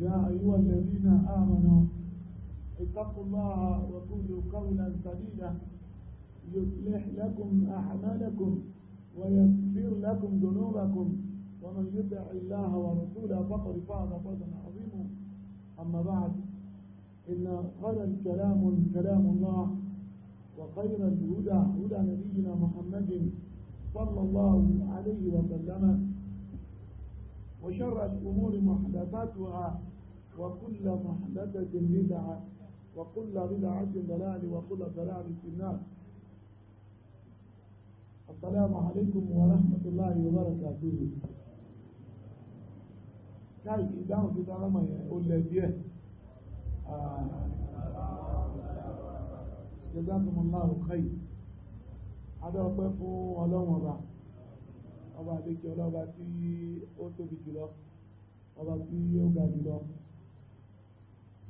يا أيها الذين آمنوا اتقوا الله وقولوا قولا سديدا يصلح لكم أعمالكم ويغفر لكم ذنوبكم ومن يطع الله ورسوله فقد فاز فوزا عظيما أما بعد إن خير الكلام كلام الله وخير الهدى هدى نبينا محمد صلى الله عليه وسلم وشر الأمور محدثاتها وكل محدثة بدعة وكل بدعة ضلال وكل ضلال في النار السلام عليكم ورحمة الله وبركاته كاي إدام في sálámà yẹn ó lẹ díẹ̀ jazakumullahu khair adọ́pẹ́ fún ọlọ́run ọba ọba àdékè ọlọ́ba tí ó tóbi jùlọ ọba tí ó ga jùlọ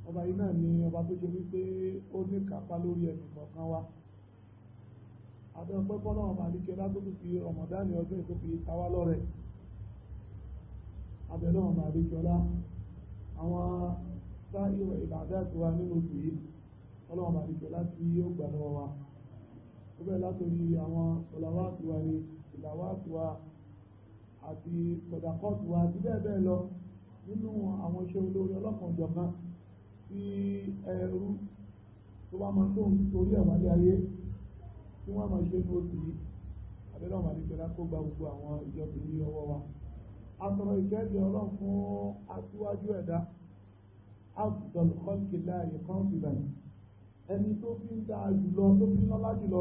ọba yìí náà ni ọba tó ṣe wípé ó ní kápá lórí ẹnì kọ̀ọ̀kan wa àbẹ́ọ̀pẹ́ fọ́nà ọba àdékè ọlá tó fi ọmọdáni ọdún ètò fi ta wá lọ́rẹ̀ abẹ́lẹ́ ọba àdékè ọlá àwọn sáyé ìbàdí àtiwá nínú oṣù yìí ọlọ́run bá dìjọ láti yóò gbà lọ́wọ́ wa ó bẹ̀rẹ̀ látòrí àwọn ọ̀làwà àtiwá ni ìlàwà àtiwá àti sọ̀dàkọ́ọ̀tù wa àti bẹ́ẹ̀ bẹ́ẹ̀ lọ nínú àwọn iṣẹ́ olórí ọlọ́kan ìjọkan tí ẹrú tó bá máa tó ń torí ẹ̀ wálé ayé tí wọ́n máa ṣe ní oṣù yìí àbẹ́lẹ́ ọ̀mà ní kẹlá kó gba gbogbo àwọn ìjọba ní ọwọ́ wa asọ̀rọ̀ ìkẹ́jọ ọlọ́run fún aṣíwájú ẹ̀dá afdal kọ́ńkìlá ìkan fìlà ẹni tó fi ń dáa jùlọ tó fi ń lọ́lá jùlọ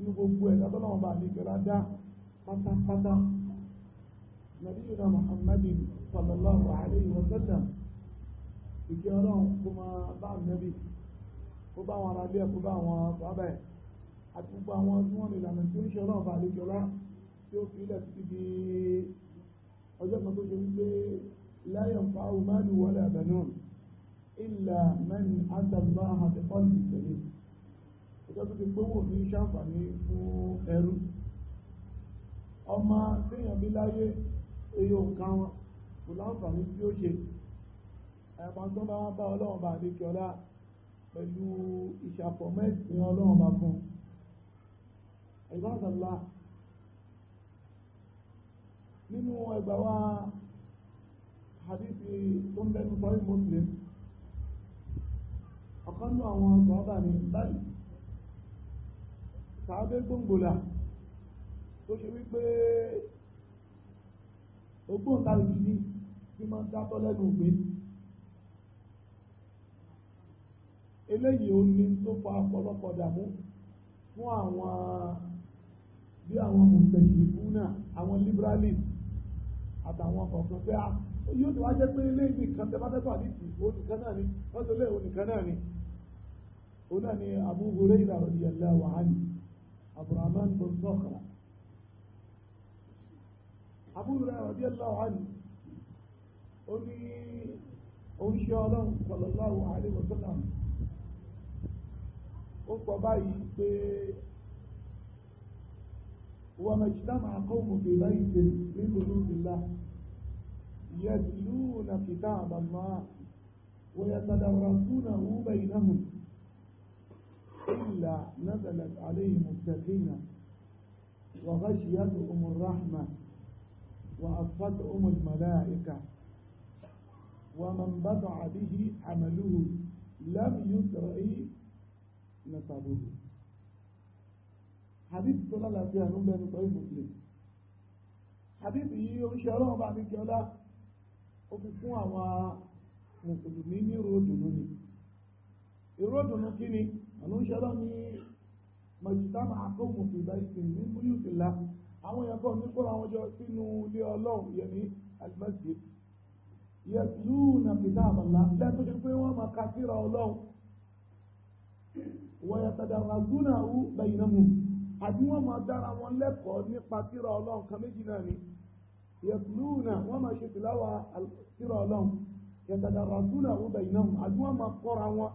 ní gbogbo ẹ̀dá tọ́lọ́run bá ní dá pátápátá نبينا محمد صلى الله عليه وسلم ìkẹ́ ọlọ́run kó máa bá nẹ́bí kó bá wọn arábíà kó bá wọn bábẹ̀ àti gbogbo àwọn tí wọ́n lè lànà tí ó ń ṣe ọlọ́run bá àlejò ọlá tí ó fi ilẹ̀ títí di ọjọ́ kan tó ṣe wípé láyọ̀ fa umaru wọlé àbẹ̀nú ìlà mẹ́rin àtàlùbá àti pọ́ọ̀lù ìtẹ̀lé ọjọ́ tó ti gbówó ní ṣàǹfààní fún ẹrú ọmọ téèyàn bí láyé eyín nǹkan wọn kò láǹfààní tí ó ṣe ẹ̀pọ̀n tó bá wá bá ọlọ́run bá àdékè ọlá pẹ̀lú ìṣàfọ̀mẹ́sì ọlọ́run bá fún ìbáṣàlá nínú ẹgbà wa hadithi tó ń bẹnu sọ́rí muslim ọ̀kan ní àwọn sọ́ọ́bà ní báyìí sàábé gbòǹgbòlà tó ṣe wípé ògbóǹtarìgì ni kí máa ń dátọ́ lẹ́nu ògbé eléyìí ó ní tó fa ọ̀pọ̀lọpọ̀ dàmú fún àwọn bí àwọn mùsùlùmí náà àwọn liberalist àtàwọn kọ̀ọ̀kan pé yóò tó wá jẹ́ pé ilé nìkan tẹ bá tẹ́tọ̀ àdìsí òun nìkan náà ni wọ́n tó lé òun nìkan náà ni òun ni Abu Hurairah radiyallahu anhu Abdurrahman bin Sakhra àbúrò radi Allahu anhu ó ní oníṣẹ́ ọlọ́run sallallahu alaihi wa sallam ó sọ báyìí pé wa majtama'a qawmun fi baytin min buyutillah yatluna kitab Allah wa yatadarasunahu baynahum إلا نزلت عليهم السكينة وغشيتهم الرحمة وأصفتهم الملائكة ومن بدع به عمله لم يسرع نسبه حديث صلى الله عليه وسلم بين صحيح مسلم حديث yìí ó ń ṣe ọlọ́run bá mi kí ọlá ó fi fún àwọn mùsùlùmí ní ròdùnú ni ìròdùnú kí ni àlọ́ ń ṣe ọlọ́run ní mọ̀jútàmà àkóhùn ìbáyìí ní múlùú fìlà àwọn èèyàn kan nígbà àwọn jọ sínú ilé ọlọ́run yẹn ní alimẹ́sì yatluna kitab Allah lẹ́tọ́ ṣe pé wọ́n máa ka síra ọlọ́run wa yatadarasunahu bainahum àbí wọ́n máa dára wọn lẹ́kọ̀ọ́ nípa síra ọlọ́run kan méjì náà ni yatluna wọ́n máa ṣe tìláwà síra ọlọ́run yatadarasunahu bainahum àbí wọ́n máa kọ́ra wọn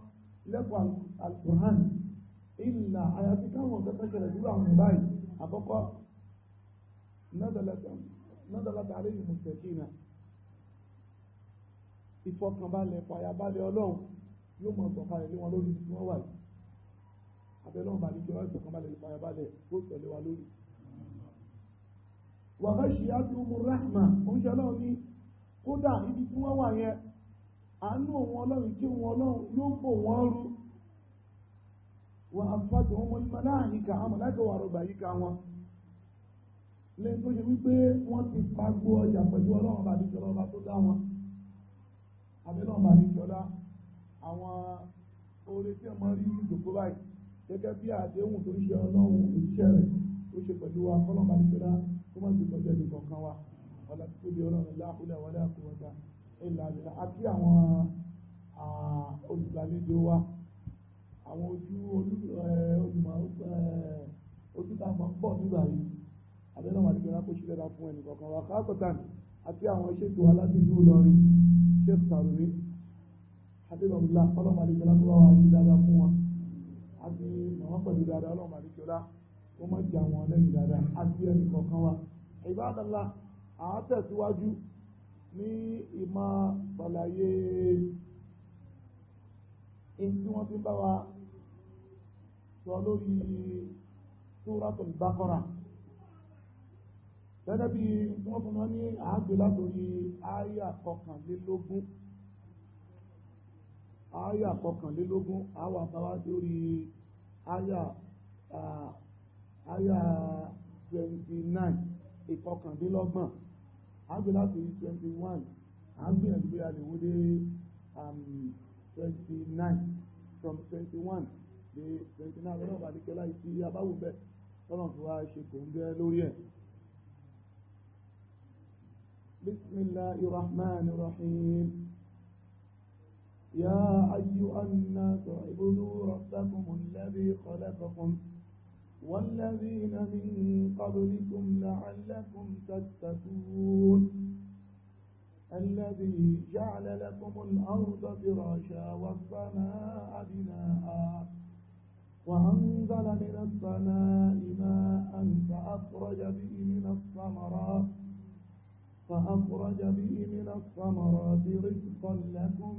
lẹ́kọ̀ọ́ al-Qur'an àyàfi káwọn kẹfẹ́ ṣẹlẹ̀ نزلت نزلت عليهم السكينة ìfọkànbalẹ̀ fàyàbalẹ̀ ọlọ́run yóò mọ̀ sọ̀kalẹ̀ lé wọn lórí tí wọ́n wà yìí abẹ́lọ́run bá níjọ wá ìfọkànbalẹ̀ fàyàbalẹ̀ tó tẹ̀lé wa lórí. wàhálà ṣì á tún mú rahma oúnjẹ ọlọ́run ní kódà ibi tí wọ́n wà yẹn àánú òun ọlọ́run kí òun ọlọ́run yóò fò wọ́n rú wà á fàgbọ́n wọn mọ́ láàyè ká àwọn láti wà rọgbà yìí ká wọn lẹ́yìn tó ṣe wípé wọ́n ti pagbo ọjà pẹ̀lú ọlọ́run bàbí kí ọlọ́run bá tó dá wọn abẹ́lọ́run bàbí kí ọlá àwọn oore tí ọmọ rí ìdòkó báyìí gẹ́gẹ́ bí àdéhùn tó ń ṣe ọlọ́run iṣẹ́ rẹ̀ tó ṣe pẹ̀lú wa kọ́lọ́run bàbí kí ọlá tó máa ń ti tọ́jú ẹnì kọ̀ọ̀kan wa ọ̀la tó bí ọlọ́run láhùlẹ̀ wọlé àkúwọ́ta ìlà àbílà àti àwọn olùgbàlejò wa àwọn ojú olùmọ̀ ojú tá a nígbà yìí abẹ́rẹ́ wọn àti ìrànkó ṣe lẹ́dà fún ẹnìkọ̀ọ̀kan wà káàkọ̀tàn àti àwọn ṣètò aládùúgbò lọ́rin ṣe sàrùmí àti lọ́mùlá ọlọ́mọ àdìjọlá tó wà ní dáadáa fún wọn àti màmá pẹ̀lú dáadáa ọlọ́mọ àdìjọlá ó má jẹ àwọn ọlẹ́yìn dáadáa àti ẹnìkọ̀ọ̀kan wa ìbádàlá àá tẹ̀síwájú ní ìmọ̀ bàlàyé èyí tí wọ́n fi bá wa sọ lórí Suratul Baqarah gẹ́gẹ́ bí wọ́n fún wọn ní àágbé látòrí àáyà kọkànlélógún àáyà kọkànlélógún àwà bàbá lórí àáyà àáyà twenty nine ìkọkànlélọ́gbọ̀n àágbé látòrí twenty one àágbé ẹ̀dùgbé àdéhùn dé um, twenty nine from twenty one dé twenty nine ọlọ́run àdékẹ́lá ìtì abáwò bẹ́ẹ̀ tọ́lọ̀ fún wa ṣe kò ń gẹ́ lórí ẹ̀. بسم الله الرحمن الرحيم يا أيها الناس اعبدوا ربكم الذي خلقكم والذين من قبلكم لعلكم تتقون الذي جعل لكم الأرض فراشا والسماء بناء وأنزل من السماء ماء فأخرج به من الثمرات فأخرج به من الثمرات رزقا لكم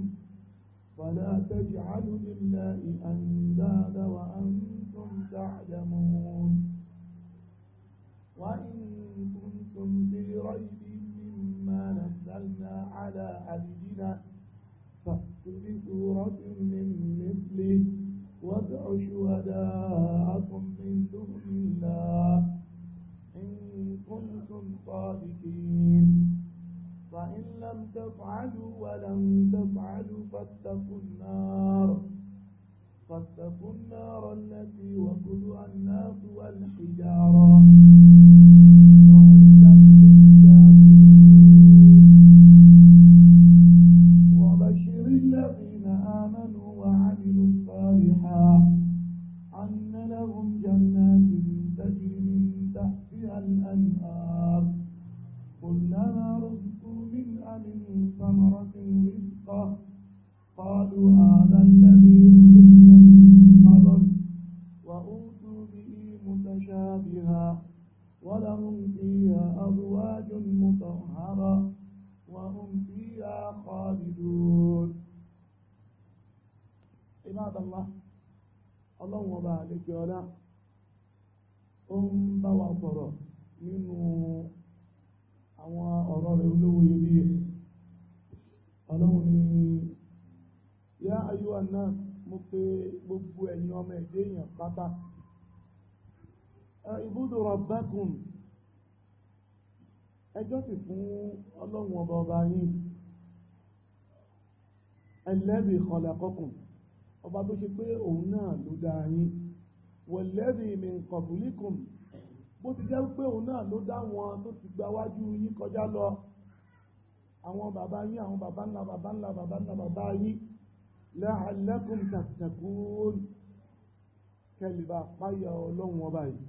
فلا تجعلوا لله أندادا وأنتم تعلمون وإن كنتم في ريب مما نزلنا على عبدنا فأتوا بسورة من مثله وادعوا شهداءكم من دون الله كنتم صادقين فإن لم تفعلوا ولم تفعلوا فاتقوا النار فاتقوا النار التي وقلها الناس والحجارة àlejò ọlá ó ń bá wa sọ̀rọ̀ nínú àwọn ọ̀rọ̀ rẹ̀ olówó iyebíye ọlọ́run ni yá ayúwà náà mo pé gbogbo ẹ̀yin ọmọ ẹ̀dẹ́ èèyàn pátá ibùdó rabbakum ẹjọ́ sì fún ọlọ́run ọba ọba yìí alladhi khalaqakum ọba tó ṣe pé òun náà ló dáa yín wọ̀lẹ́bí mi kọ̀bùlíkùn bó ti jẹ́ pé òun náà ló dá wọn tó ti gba wájú yín kọjá lọ àwọn bàbá yín àwọn bàbá ńlá bàbá ńlá bàbá ńlá bàbá yín la'allakum tattaqun kẹlẹ̀bà páyà ọlọ́run ọba yìí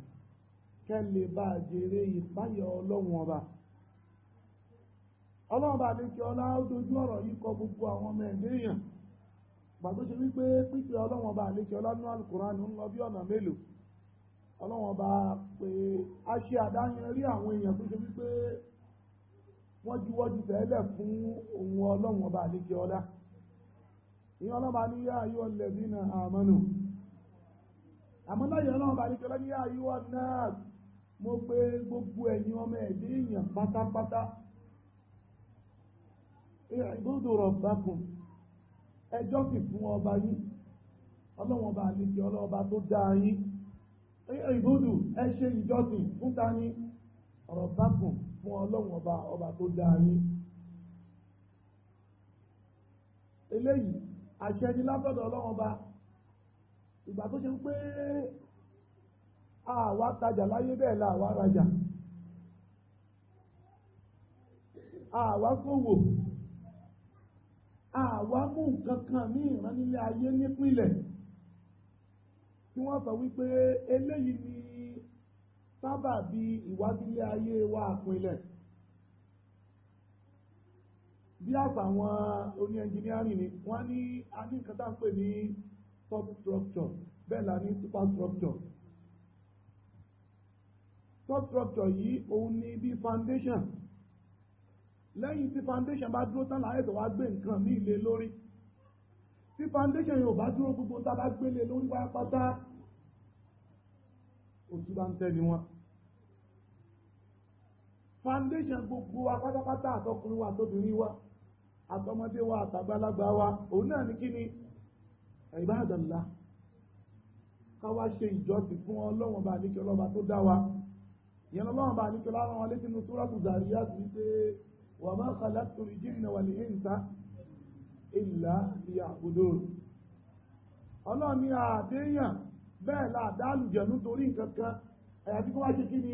kẹlẹ̀bà jèrè ìpáyà ọlọ́run ọba ọlọ́run bá ní kí ọlá ó dojú ọ̀rọ̀ yìí kọ gbogbo àwọn ọmọ ẹ̀dẹ́yàn pàtó ṣe wípé pípẹ́ ọlọ́wọ́n ọba àlékè ọlánú alukurani ń lọ bí ọ̀nà mélòó ọlọ́wọ́n ọba pé a ṣe àdáyẹnrí àwọn èèyàn tó ṣe wípé wọ́n juwọ́ ju tẹ́lẹ̀ fún ohun ọlọ́wọ́n ọba àlékè ọlá ìyẹn ọlọ́ba ní yá ayé ọlẹ̀ nínú àmọ́nù àmọ́ láyé ọlọ́wọ́n ọba àlékè ọlá ní yá ayé wọn náà mo pé gbogbo ẹ̀yin ọmọ ẹ̀dẹ́ èèyàn pátápátá ìrìn rọ̀ bákùn ẹjọ́ sì fún ọba yín ọlọ́wọ́n bá níbi ọlọ́ọba tó dáa yín ìbúdù ẹ ṣe ìjọsìn fún ta ní ọ̀rọ̀ bákùn fún ọlọ́wọ́n ọba ọba tó dáa yín eléyìí àṣẹ ni látọ̀dọ̀ ọlọ́wọ́n bá ìgbà tó ṣe ń pé àwa tajà láyé bẹ́ẹ̀ la àwa rajà àwa ṣòwò àwa mú nǹkan kan ní ìránnílé ayé nípìnlẹ̀ tí wọ́n sọ wípé eléyìí ni sábàbí ìwádìílé ayé wa àpinlẹ̀ bí àgbà àwọn oní ẹnjìnírìn ni wọ́n ní a ní nǹkan tá à ń pè ní substructure bẹ́ẹ̀ la ní superstructure substructure yìí òun ni bí foundation lẹ́yìn tí foundation bá dúró tán láyé tó wá gbé nǹkan ní ilé lórí tí foundation yóò bá dúró gbogbo tá a bá gbélé lórí wáyé pátá òtún bá ń tẹ́ ni wọ́n foundation gbogbo wa pátápátá àtọkùnrin wa àtobìnrin wa àtọmọdé wa àtàgbàlagbà wa òun náà ní kí ni ìbádàlá ká wá ṣe ìjọsìn fún ọlọ́run bá níkẹ́ ọlọ́ba tó dá wa ìyẹn ọlọ́run bá níkẹ́ ọlọ́run wa létí nínú Suratul Zariyat àti wípé وما خلقت الجن والإنس إلا ليعبدون ọlọ́run ni àdéyàn bẹ́ẹ̀ la dálùjẹ̀ nítorí nǹkan kan àyàfi kó wá ṣe kí ni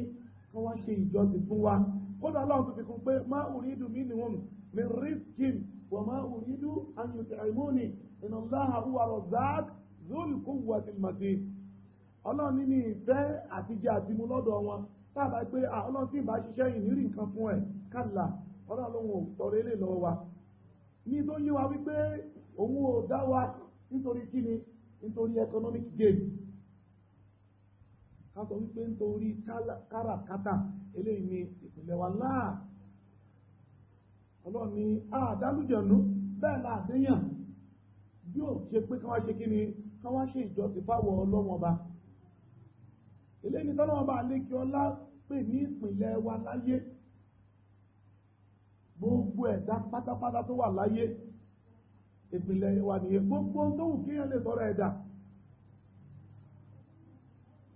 kó wá ṣe ìjọsìn fún wa kódà ọlọ́run tó fi kún pé má uridu minhum min rizqin wa má uridu an yut'imuni inna Allaha huwa razzaq dhul quwwatil matin ọlọ́run ní ìfẹ́ àtijọ́ àtimú lọ́dọ̀ wọn táàbà pé ah, ọlọ́run tí ì ọlọ́run lòun ò tọrọ ilé lọ́wọ́ wa ní tó yé wa wípé òun ò dá wa nítorí kí ni nítorí economic gain ká sọ wípé nítorí káràkátà eléyìí ni ìpìlẹ̀ wa láà ọlọ́run ni àdálùjọ̀nù bẹ́ẹ̀ la àdéyàn yóò ṣe pé káwá ṣe kí ni káwá ṣe ìjọsìn fáwọn ọlọ́wọ́n ọba eléyìí ni tọ́lọ́wọ́n ọba àlékí ọlá pè ní ìpìlẹ̀ wa láyé gbogbo ẹ̀dá pátápátá tó wà láyé ìpìlẹ̀ wà nìyẹn gbogbo tó wù kíyàn lè sọ̀rọ̀ ẹ̀dá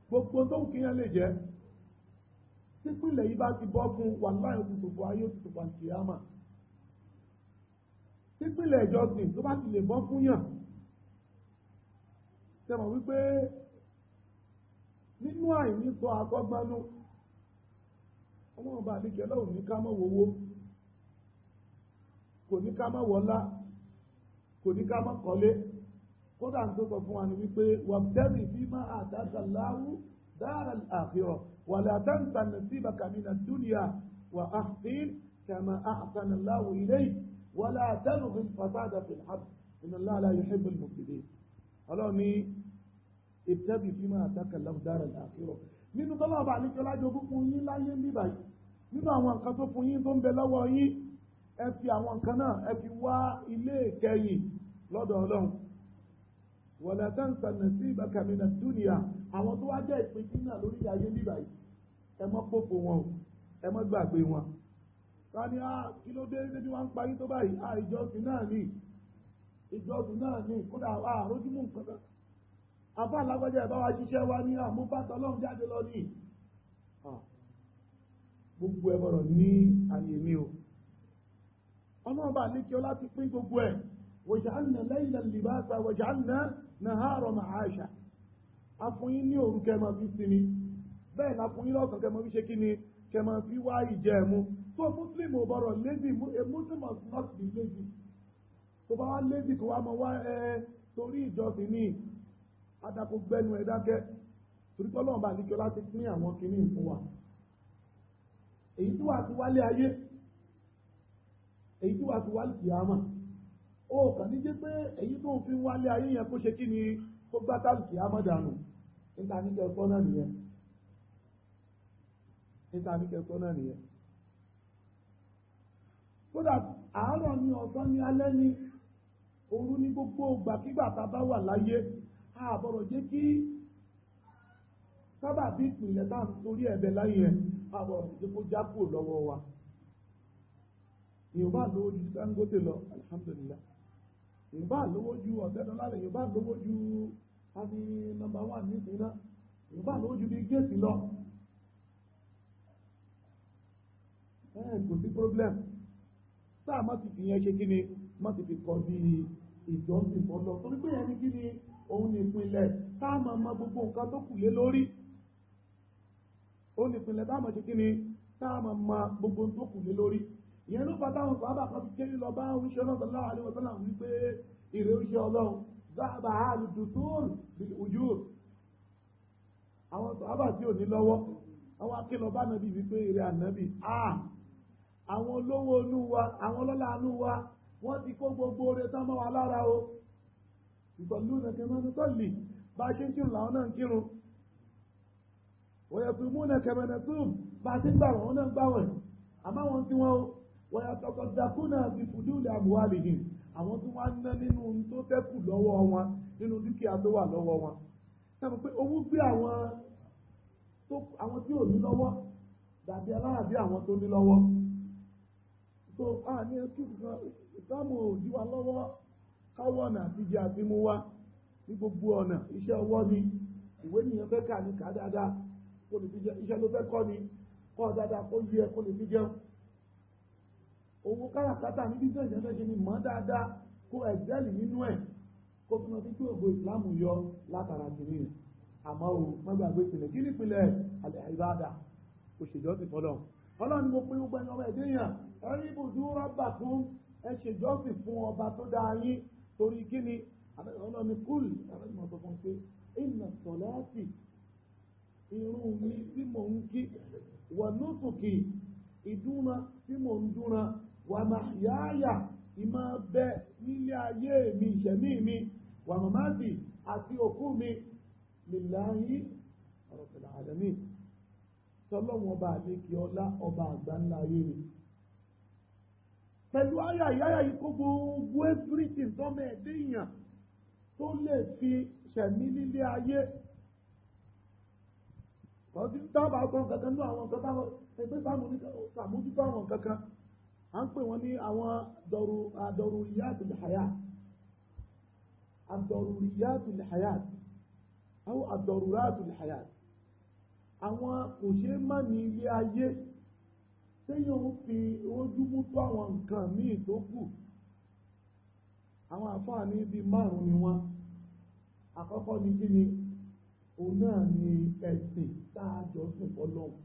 gbogbo tó wù kíyàn lè jẹ́ típìlẹ̀ yìí bá ti bọ́gun wà láyé ti sòfò ayé ti sòfò àkìyàmà típìlẹ̀ ìjọsìn tó bá ti lè bọ́ fún yàn tẹmọ̀ wípé nínú àìní sọ àkọ́gbánú ọlọ́run bá àdékẹ́ lọ́wọ́ ní ká mọ́ wowó kò ní ká má wọlá kò ní ká má kọ́lé kódà tó sọ fún wa ni wípé wà tẹ́lẹ̀ bí má àdáta láwù dára àfihàn wà látàǹtà nàṣíbà kàmínà dúnìyà wà áhìn kàmà àhàtànà láwù ilé wà látàǹtà fàtàdà fìlhàb iná láàlá yóò ṣe bẹ̀rẹ̀ mọ̀kìlẹ̀ ọlọ́run ní ìtẹ́bì bí má àdáta láwù dára àfihàn nínú tọ́lá ọba àlejò lájọ fún yín láyé níbàyí nínú àwọn nǹkan fún yín tó ń bẹ lọ́wọ́ yín ẹ fi àwọn nǹkan náà ẹ fi wá ilé ìkẹyìn lọ́dọ̀ ọlọ́run wala tansa nasibaka mina dunya àwọn tó wá jẹ́ ìpín tí náà lórí ayé níbà yìí ẹ mọ́ pòpò wọn o ẹ mọ́ gbàgbé wọn. sani a ah, kí ló dé débi wọn ń parí tó báyìí a ah, ìjọsìn náà ni, ìjọsìn náà ni. kódà a ah, àrójúmọ̀ nǹkan kan àbá alágbájá ẹ̀ bá wa ṣiṣẹ́ wa ní àmúbàtà ọlọ́run jáde lọ ní. gbogbo ẹ bọ̀rọ̀ ní àyè mi o ọlọ́ọ̀bà àlékè ọlá ti pín gbogbo ẹ̀ waj'alna layla libasa waj'alna nahara ma'asha afunyin ní òru kẹmọ fi sinmi bẹ́ẹ̀ lafunyin lọ́sàn kẹmọ fi ṣe kí ni kẹmọ fi wá ìjẹ mu so muslim ò bọ̀rọ̀ lazy a eh, muslim must not be lazy tó bá wá lazy kó wá mọ wá ẹ eh, torí ìjọsìn ní adako gbẹnu ẹ dákẹ́ torí pé ọlọ́ọ̀bà àlékè ọlá ti pín àwọn kinní fún wa èyí tí wàá ti wálé ayé èyí tí wàá fi wálé kìámà ó kàn ní jẹ́ pé èyí tó ń fi wálé ayé yẹn kó ṣe kí ni kó gbá táàlì kìámà dànù níta ní kẹsọ́ náà nìyẹn níta ní kẹsọ́ náà nìyẹn kódà àárọ̀ ni ọ̀sán ni alẹ́ ni òru ni gbogbo ògbàkígbà tá a bá wà láyé àbọ̀rọ̀ jẹ́ kí sábàbí ìpìlẹ̀ tá à ń torí ẹ̀bẹ̀ láyé ẹ̀ àbọ̀rọ̀ jẹ́ kó já lọ́wọ́ wa yorùbá lówó ju Dangote lọ alihamudulila yorùbá lówó ju ọ̀tẹ́dọ́lá rẹ̀ yorùbá lówó ju ani nọ́mbà wà nísìnyí náà yorùbá lówó ju bí géètì lọ ẹ kò sí problem tá a má ti fi yẹn ṣe kí ni má ti fi kọ́ bí ìjọsìn fọlọ torí pé yẹn ni kí ni òun ní ìpínlẹ̀ tá a máa mọ gbogbo nǹkan tó kù lé lórí òun ní ìpínlẹ̀ tá a máa ṣe kí ni tá a máa mọ gbogbo tó kù lé lórí ìyẹn ló bá táwọn sọ àbàkan ti kéré lọ bá oríṣi ọlọ́sọ láwọn àlẹ́ wọ́sọ́lá wípé èrè oríṣi ọlọ́run dáàbà àlùdù tóòrù bí ojú àwọn sọ àbà tí ò ní lọ́wọ́ àwọn akélọ bá nàbí wípé èrè ànábì a àwọn olówó inú wa àwọn ọlọ́lá inú wa wọ́n ti kó gbogbo oore tán mọ́ wa lára o ìtọ́lú nàkẹ́ mọ́ ní tọ́lì bá ṣe ń kírun làwọn náà ń kírun òyẹ̀fù mú nàkẹ́ mọ́ nàtúù bá ṣe ń gbà wọ́n náà gbà wọ́n àmọ́ wọn tí wọ́n o wọ́n yàtọ̀ kọ́ńtàkùnà fi fùdúlẹ̀ àbúwálìhìn àwọn tí wọ́n á ná nínú tó tẹ́kù lọ́wọ́ wọn nínú dúkìá tó wà lọ́wọ́ wọn. sábà pé owó gbé àwọn tí ò ní lọ́wọ́ dàbí aláàbí àwọn tó ní lọ́wọ́. so a ní ẹkùn kan ìsáàmù òjì wa lọ́wọ́ káwọ́ ọ̀nà àtijọ́ àti mú wá ní gbogbo ọ̀nà iṣẹ́ ọwọ́ ni ìwé nìyẹn fẹ́ kà ní kà dáadáa kó lè fi jẹun iṣẹ́ ló fẹ́ kọ́ ni kọ́ dáadáa kó yẹ kó lè fi jẹun owó káràkátà ní business ẹ̀fẹ́ ṣe ni mọ́ dáadáa kó ẹ̀sẹ́lì nínú ẹ̀ kó tó lọ sí pé ògbó ìsìláàmù yọ látara kìíní rẹ̀ àmọ́ o mọ́gbàgbé ìpìlẹ̀ kí nípìnlẹ̀ àlẹ́hìbáàdà òṣèjọ́ ti fọlọ́ fọlọ́ ni mo pé ó gbẹ́yìn ọmọ ẹ̀dẹ́ yàn ẹ̀rí ibùdó rọ́bà fún ẹ̀ṣèjọ́ sì fún ọba tó dáa yín torí kí ni ọlọ́ni kúl ìdúnra tí mò ń dúnra wàmáyáyà ìmọ̀ bẹ nílé ayé mi ìṣẹ̀mí mi wàmọ̀máàdì àti òkú mi lìláyé ọ̀rọ̀tẹ̀lá àdẹ́mí tọ́lọ́wọ́n ọba àlékè ọlá ọba àgbà ńlá ayé mi pẹ̀lú àyà ìyáyà yìí kó gbogbo everything tọ́mọ ẹ̀dẹ́ èèyàn tó lè fi ṣẹ̀mí nílé ayé kọ́sí dábàá gbọ́n kankan ní àwọn kankan ẹgbẹ́ sàmójútó àwọn kankan à ń pè wọ́n ní àwọn daruriyatul hayat ad-daruriyatul hayat aw ad-daruratul hayat àwọn kò ṣe é má ní ilé ayé téèyàn ń fi ojú mú tó àwọn nǹkan míì tó kù àwọn àfáàní bíi márùn ni wọ́n àkọ́kọ́ ni kí ni òun náà ni ẹ̀sìn tá a jọ sùn fọlọ́hùn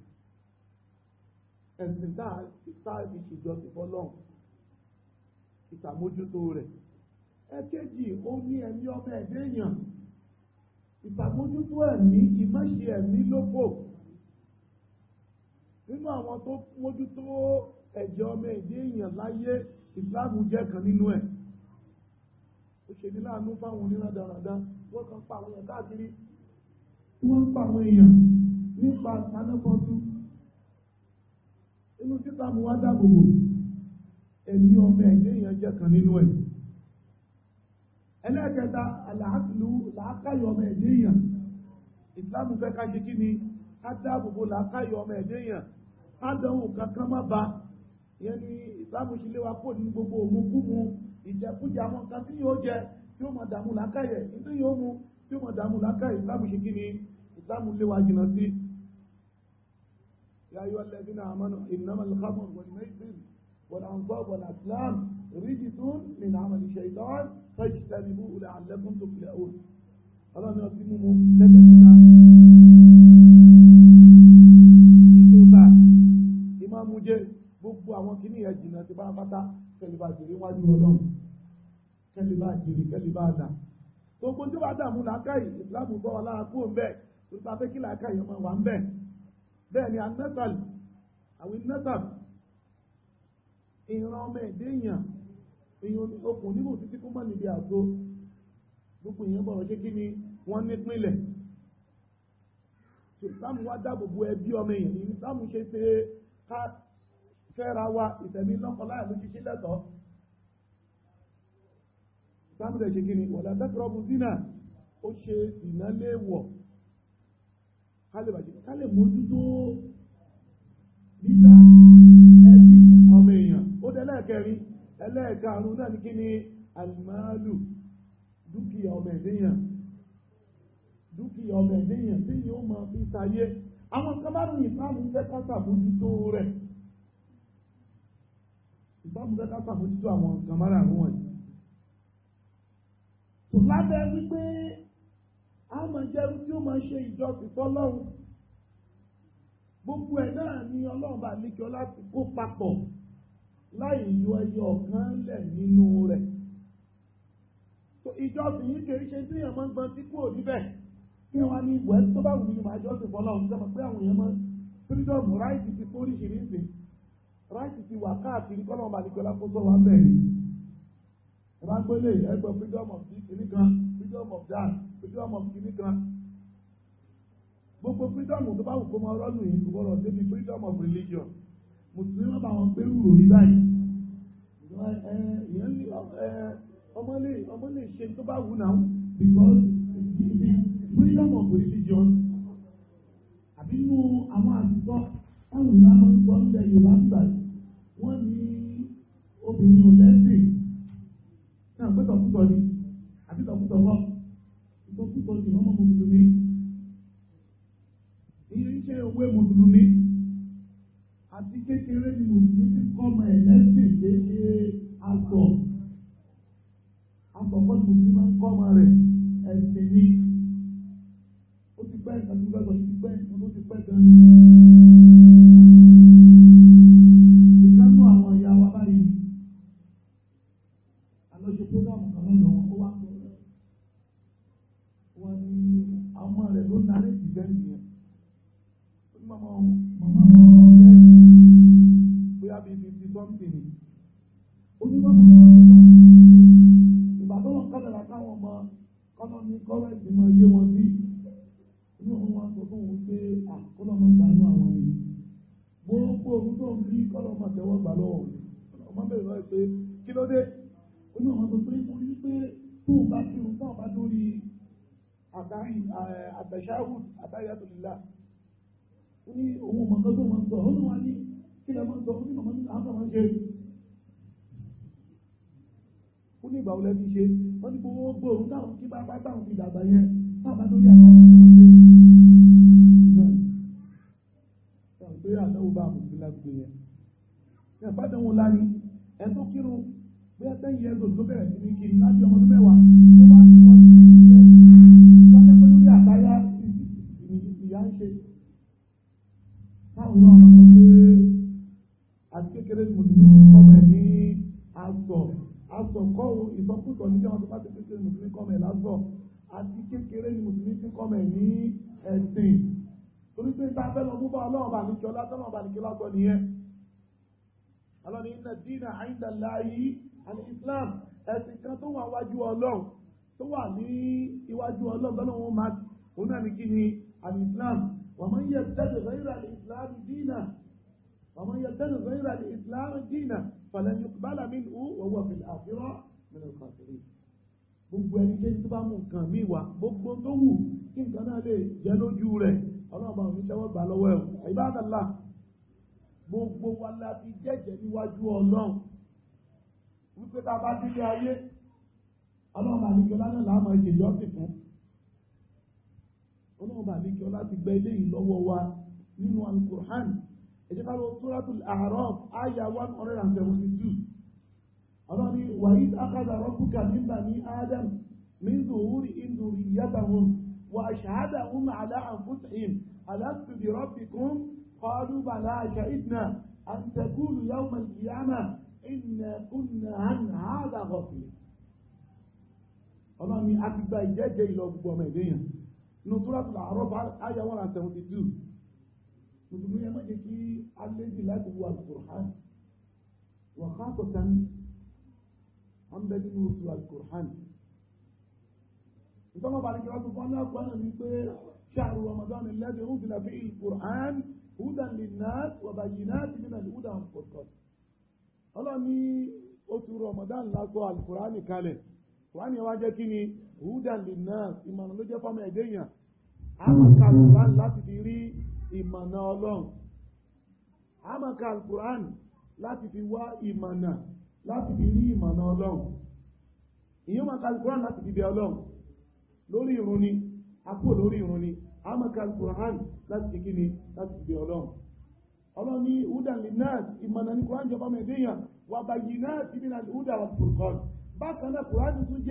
ẹ̀sìn táàbí ṣèjọsìn fọlọ́run ìṣàmójútó rẹ̀ ẹ̀kejì ó ní ẹ̀mí ọmọ ẹ̀dẹ́ èèyàn ìṣàmójútó ẹ̀mí ìmọ̀ṣe ẹ̀mí lóko nínú àwọn tó mójútó ẹ̀jẹ̀ ọmọ ẹ̀dẹ́ èèyàn láyé ìsìláàmù jẹ́ kan nínú ẹ̀ ó ṣe ní láàánú fáwọn oníran dáradá wọ́n kàn pa àwọn èèyàn káàkiri wọ́n ń pa àwọn èèyàn nípa sanáfọ́sùn inú títà mú wá dáàbòbò ẹ̀mí ọmọ ẹ̀jẹ̀ èèyàn jẹ́ kan nínú ẹ̀ ẹlẹ́ẹ̀kẹta àlàákìlú làákàyọ̀ ọmọ ẹ̀jẹ̀ èèyàn ìsìláàmù fẹ́ ká ṣe kí ni ká dáàbòbò làákàyọ̀ ọmọ ẹ̀jẹ̀ èèyàn ká dánwò kankan má ba ìyẹn ni ìsìláàmù ṣe lé wa kó ní gbogbo òmùkúmu ìjẹkújẹ àwọn kan tí yóò jẹ tí ó mọ̀ dààmú làákàyẹ̀ tí yóò mu tí ó mọ̀ dààmú làákàyẹ̀ ìsìláàmù ṣe kí ni ìsìláàmù lé jìnnà sí يا أيها الذين آمنوا إنما الخمر والميسر والأنصاب والأسلام رجس من عمل الشيطان فاجتنبوه لعلكم تفلحون الله ní مبتدا mímu tẹ́tẹ́ títa ìṣòta ìmọ̀mújẹ gbogbo àwọn kìíní yẹn jìnnà ti pátápátá kẹlẹ́bà jèrè wájú ọlọ́run kẹlẹ́bà jèrè kẹlẹ́bà dà gbogbo tí wàá dààmú làákàyè ìsìlámù bọ́ ọ lára kúrò ń bẹ́ẹ̀ tó ta fẹ́ kí làákàyè ọmọ wa ń bẹ́ẹ̀ bẹ́ẹ̀ ni anẹ́tàlì àwọn anẹ́tàlì ìran ọmọ ẹ̀dẹ́ èèyàn èèyàn okùn nínú títí kó mọ́ níbi àtó gbogbo èèyàn bọ̀rọ̀ ṣé kí ni wọ́n nípínlẹ̀ ìsìlámù wá dáàbò bo ẹbí ọmọ èèyàn ní ìsìlámù ṣe ṣe ká fẹ́ra wa ìtẹ̀mí lọ́kọláyà ló ṣiṣẹ́ lẹ́tọ̀ọ́ ìsìlámù rẹ̀ ṣe kí ni wọ̀lá tẹ́kọ̀rọ̀ bù ó ṣe ìnáléèwọ̀ kálẹ̀ bàjẹ́ kálẹ̀ mójútó níta ẹbí ọmọ èèyàn ó dé ẹlẹ́ẹ̀kẹrin ẹlẹ́ẹ̀karùn-ún náà ní kí ni àlùmáàlù dúkìá ọmọ ẹ̀dẹ́yàn dúkìá ọmọ ẹ̀dẹ́yàn tí yóò máa fi sáyé àwọn kan bá rìn ìsáàmù fẹ́ ká sàbójútó rẹ̀ ìsáàmù fẹ́ ká sàbójútó àwọn kan bá tò lábẹ́ wípé a máa jẹ́rú tí ó máa ṣe ìjọsìn fọlọ́run gbogbo ẹ̀ náà ni ọlọ́run bá níjọ láti kó papọ̀ láì yọ ẹyọ ọ̀kan lẹ̀ nínú rẹ̀ ìjọsìn yìí kì í ṣe tí èèyàn máa ń gbọn tí kúrò níbẹ̀ kí wọn ní ìwẹ̀ tó bá wù mí máa jọ́sìn fọlọ́run sọ pé àwọn èèyàn máa freedom right ti foríṣiríṣi right ti wà káàkiri kọ́lọ́run bá níjọ lákòóso wa bẹ̀rẹ̀ ẹ bá gbélé ẹgbẹ́ freedom of speech nìkan freedom of that freedom of kìíní kan gbogbo freedom tó bá wù kó máa rọ́ọ̀nù yìí kò gbọ́dọ̀ débi freedom of religion mùsùlùmí wọn bá wọn pé rúrò ní báyìí ọmọ lè ọmọ lè ṣe tó bá wù náà because freedom of religion àbí nínú àwọn àtúntọ́ táwọn ìlú àwọn ìgbọ́ ń bẹ Yorùbá ń gbà wọ́n ní obìnrin ò lẹ́sìn náà pẹ́tọ̀ púpọ̀ ni ìtọ̀kùtọ̀kọ́ ìtọ̀kùtọ̀ sí ọmọ mùsùlùmí iṣẹ́ owó mùsùlùmí àti kékeré ni mùsùlùmí ti kọ́ ọmọ ẹ̀lẹ́sìn léṣe àtọ̀ àtọ̀kọ́ ni mùsùlùmí máa ń kọ́ ọmọ rẹ̀ ẹ̀sìn ni ó ti pẹ́ ìtàkùn gbàgbọ́ ti pẹ́ ó ti pẹ́ gan-an. bẹ́ẹ̀ nìyẹn ó ní màmá òun màmá òun bẹ́ẹ̀ bóyá bíi fifty something ó ní àtàṣáhùd àtàyàtòlélà ó ní ohun mọ̀kán tó máa ń sọ ó ní wọn ní kí lè máa ń sọ ó ní mọ̀mọ́ ní àwọn máa ń ṣe ó ní ìgbà olẹ́bí ṣe wọ́n ní gbogbo òun táwọn kí bá táwọn fi dàgbà yẹn táwọn lórí àtàwọn tó máa ń ṣe náà táwọn pé àdáwò bá àmùsùn lágbègbè yẹn ní àbádọ́wò láàrin ẹ̀ tó kírun bí ẹ tẹ́yìn ẹ̀ lòdì tó bẹ̀rẹ̀ sí ní kiri láti ọmọdún mẹ́wàá tó bá táwọn náà lọ sọ pé àti kékeré ni mo ti ní kọ́mọ ẹ̀ ní asọ asọ kọ́ ìsọkúsọ ní jẹ́wọ́n tó bá ti kékeré mo ti ní kọ́mọ ẹ̀ lásọ àti kékeré ni mo ti ní kọ́mọ ẹ̀ ní ẹ̀sìn torí pé tá a fẹ́ lọ mú bá ọlọ́run bá mi kí ọlá tọ́lọ́run bá mi kí lásọ nìyẹn alọ́ni iná dínà àìdá láàyè àti Islam ẹ̀sìn kan tó wà wájú ọlọ́run tó wà ní iwájú ọlọ́run tọ́lọ́run máa òun náà ní kí ni àti Islam ومن يبتغي غير الإسلام دينا ومن يبتغي غير الإسلام دينا فلن يقبل منه وهو في الآخرة من الخاسرين gbogbo ẹni tí tó bá mú nǹkan mi wá gbogbo tó wù kí nǹkan náà lè jẹ lójú rẹ̀ Ọlọ́run bá mi tẹ́wọ́ gbà lọ́wọ́ ẹ̀ àyíbádàlá gbogbo wa la ti jẹ́jẹ́ níwájú Ọlọ́run wípé tá a bá dílé ayé Ọlọ́run àlejò lánàá làá máa ṣèjọ́sìn fún ọlọ́run bá mi kí ọ láti gba eléyìí lọ́wọ́ wa nínú alukur'an ẹ jẹ́ ká lọ suratul A'raf àyà one hundred and seventy two ọlọ́run ní wàhíd akadà rabbuka min bani adam min zuhuri dhurriyyatahum wa ashhadahum ala anfusihim alastu bi rabbikum qalu bala shahidna an taqulu yawma al-qiyamah inna kunna an hadha ghafilin nùtúrátù làárọ̀ àyà one and seventy two mùsùlùmí ẹ má jẹ́ kí alẹ́jì láti wo alukur'an wà ká tó tán án bẹ nínú oṣù alukur'an nítorí wọn bá ní kí wọn tó fún ọmọ àkùrán náà ní pé ṣáàrù ramadan lẹ́dẹ̀ ó fìlà fi alukur'an hudan linnas wa bayyinati min al-huda wal furqan ọlọ́ni oṣù ramadan lásọ alukur'an kalẹ̀ wọ́n á ní wá jẹ́ hudan linnas ìmọ̀nà ló jẹ́ fọ́mọ ẹ̀dẹ́ èèyàn amaka hmm. alukuran láti fi rí ìmọ̀nà ọlọ́run amaka alukuran láti fi wá ìmọ̀nà láti fi rí ìmọ̀nà ọlọ́run ìyẹn maka alukuran láti fi bẹ ọlọ́run lórí ìrun ni akó lórí ìrun ni amaka alukuran láti fi kí ni láti fi bẹ ọlọ́run ọlọ́run ní hudan linnas ìmọ̀nà ní kuran jẹ́ fọ́mọ ẹ̀dẹ́ èèyàn wàbàyí náà ti bí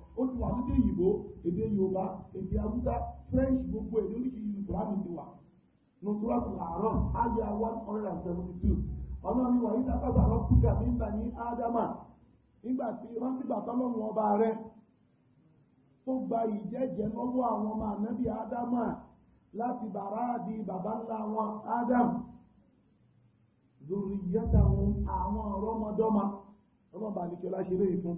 ó ti wà lédè Ìgbò èdè Yorùbá èdè Haúsá French gbogbo èdè oríṣiríṣi kùránì ti wà nùtúrọ́tù làárọ̀ ayé one hundred and seventy two ọlọ́run ìwà yìí sábà lọ kúgà nígbà ní ádámà nígbà tí rántí bàtà lọ́run ọba rẹ̀ tó gba ìjẹ́jẹ́ lọ́wọ́ àwọn ọmọ ànábì ádámà láti bàrá di bàbá ńlá wọn ádám lórí yẹta àwọn ọ̀rọ̀ ọmọdọ́mà ọmọ bàlíkẹ́ láṣẹ lóyìn fún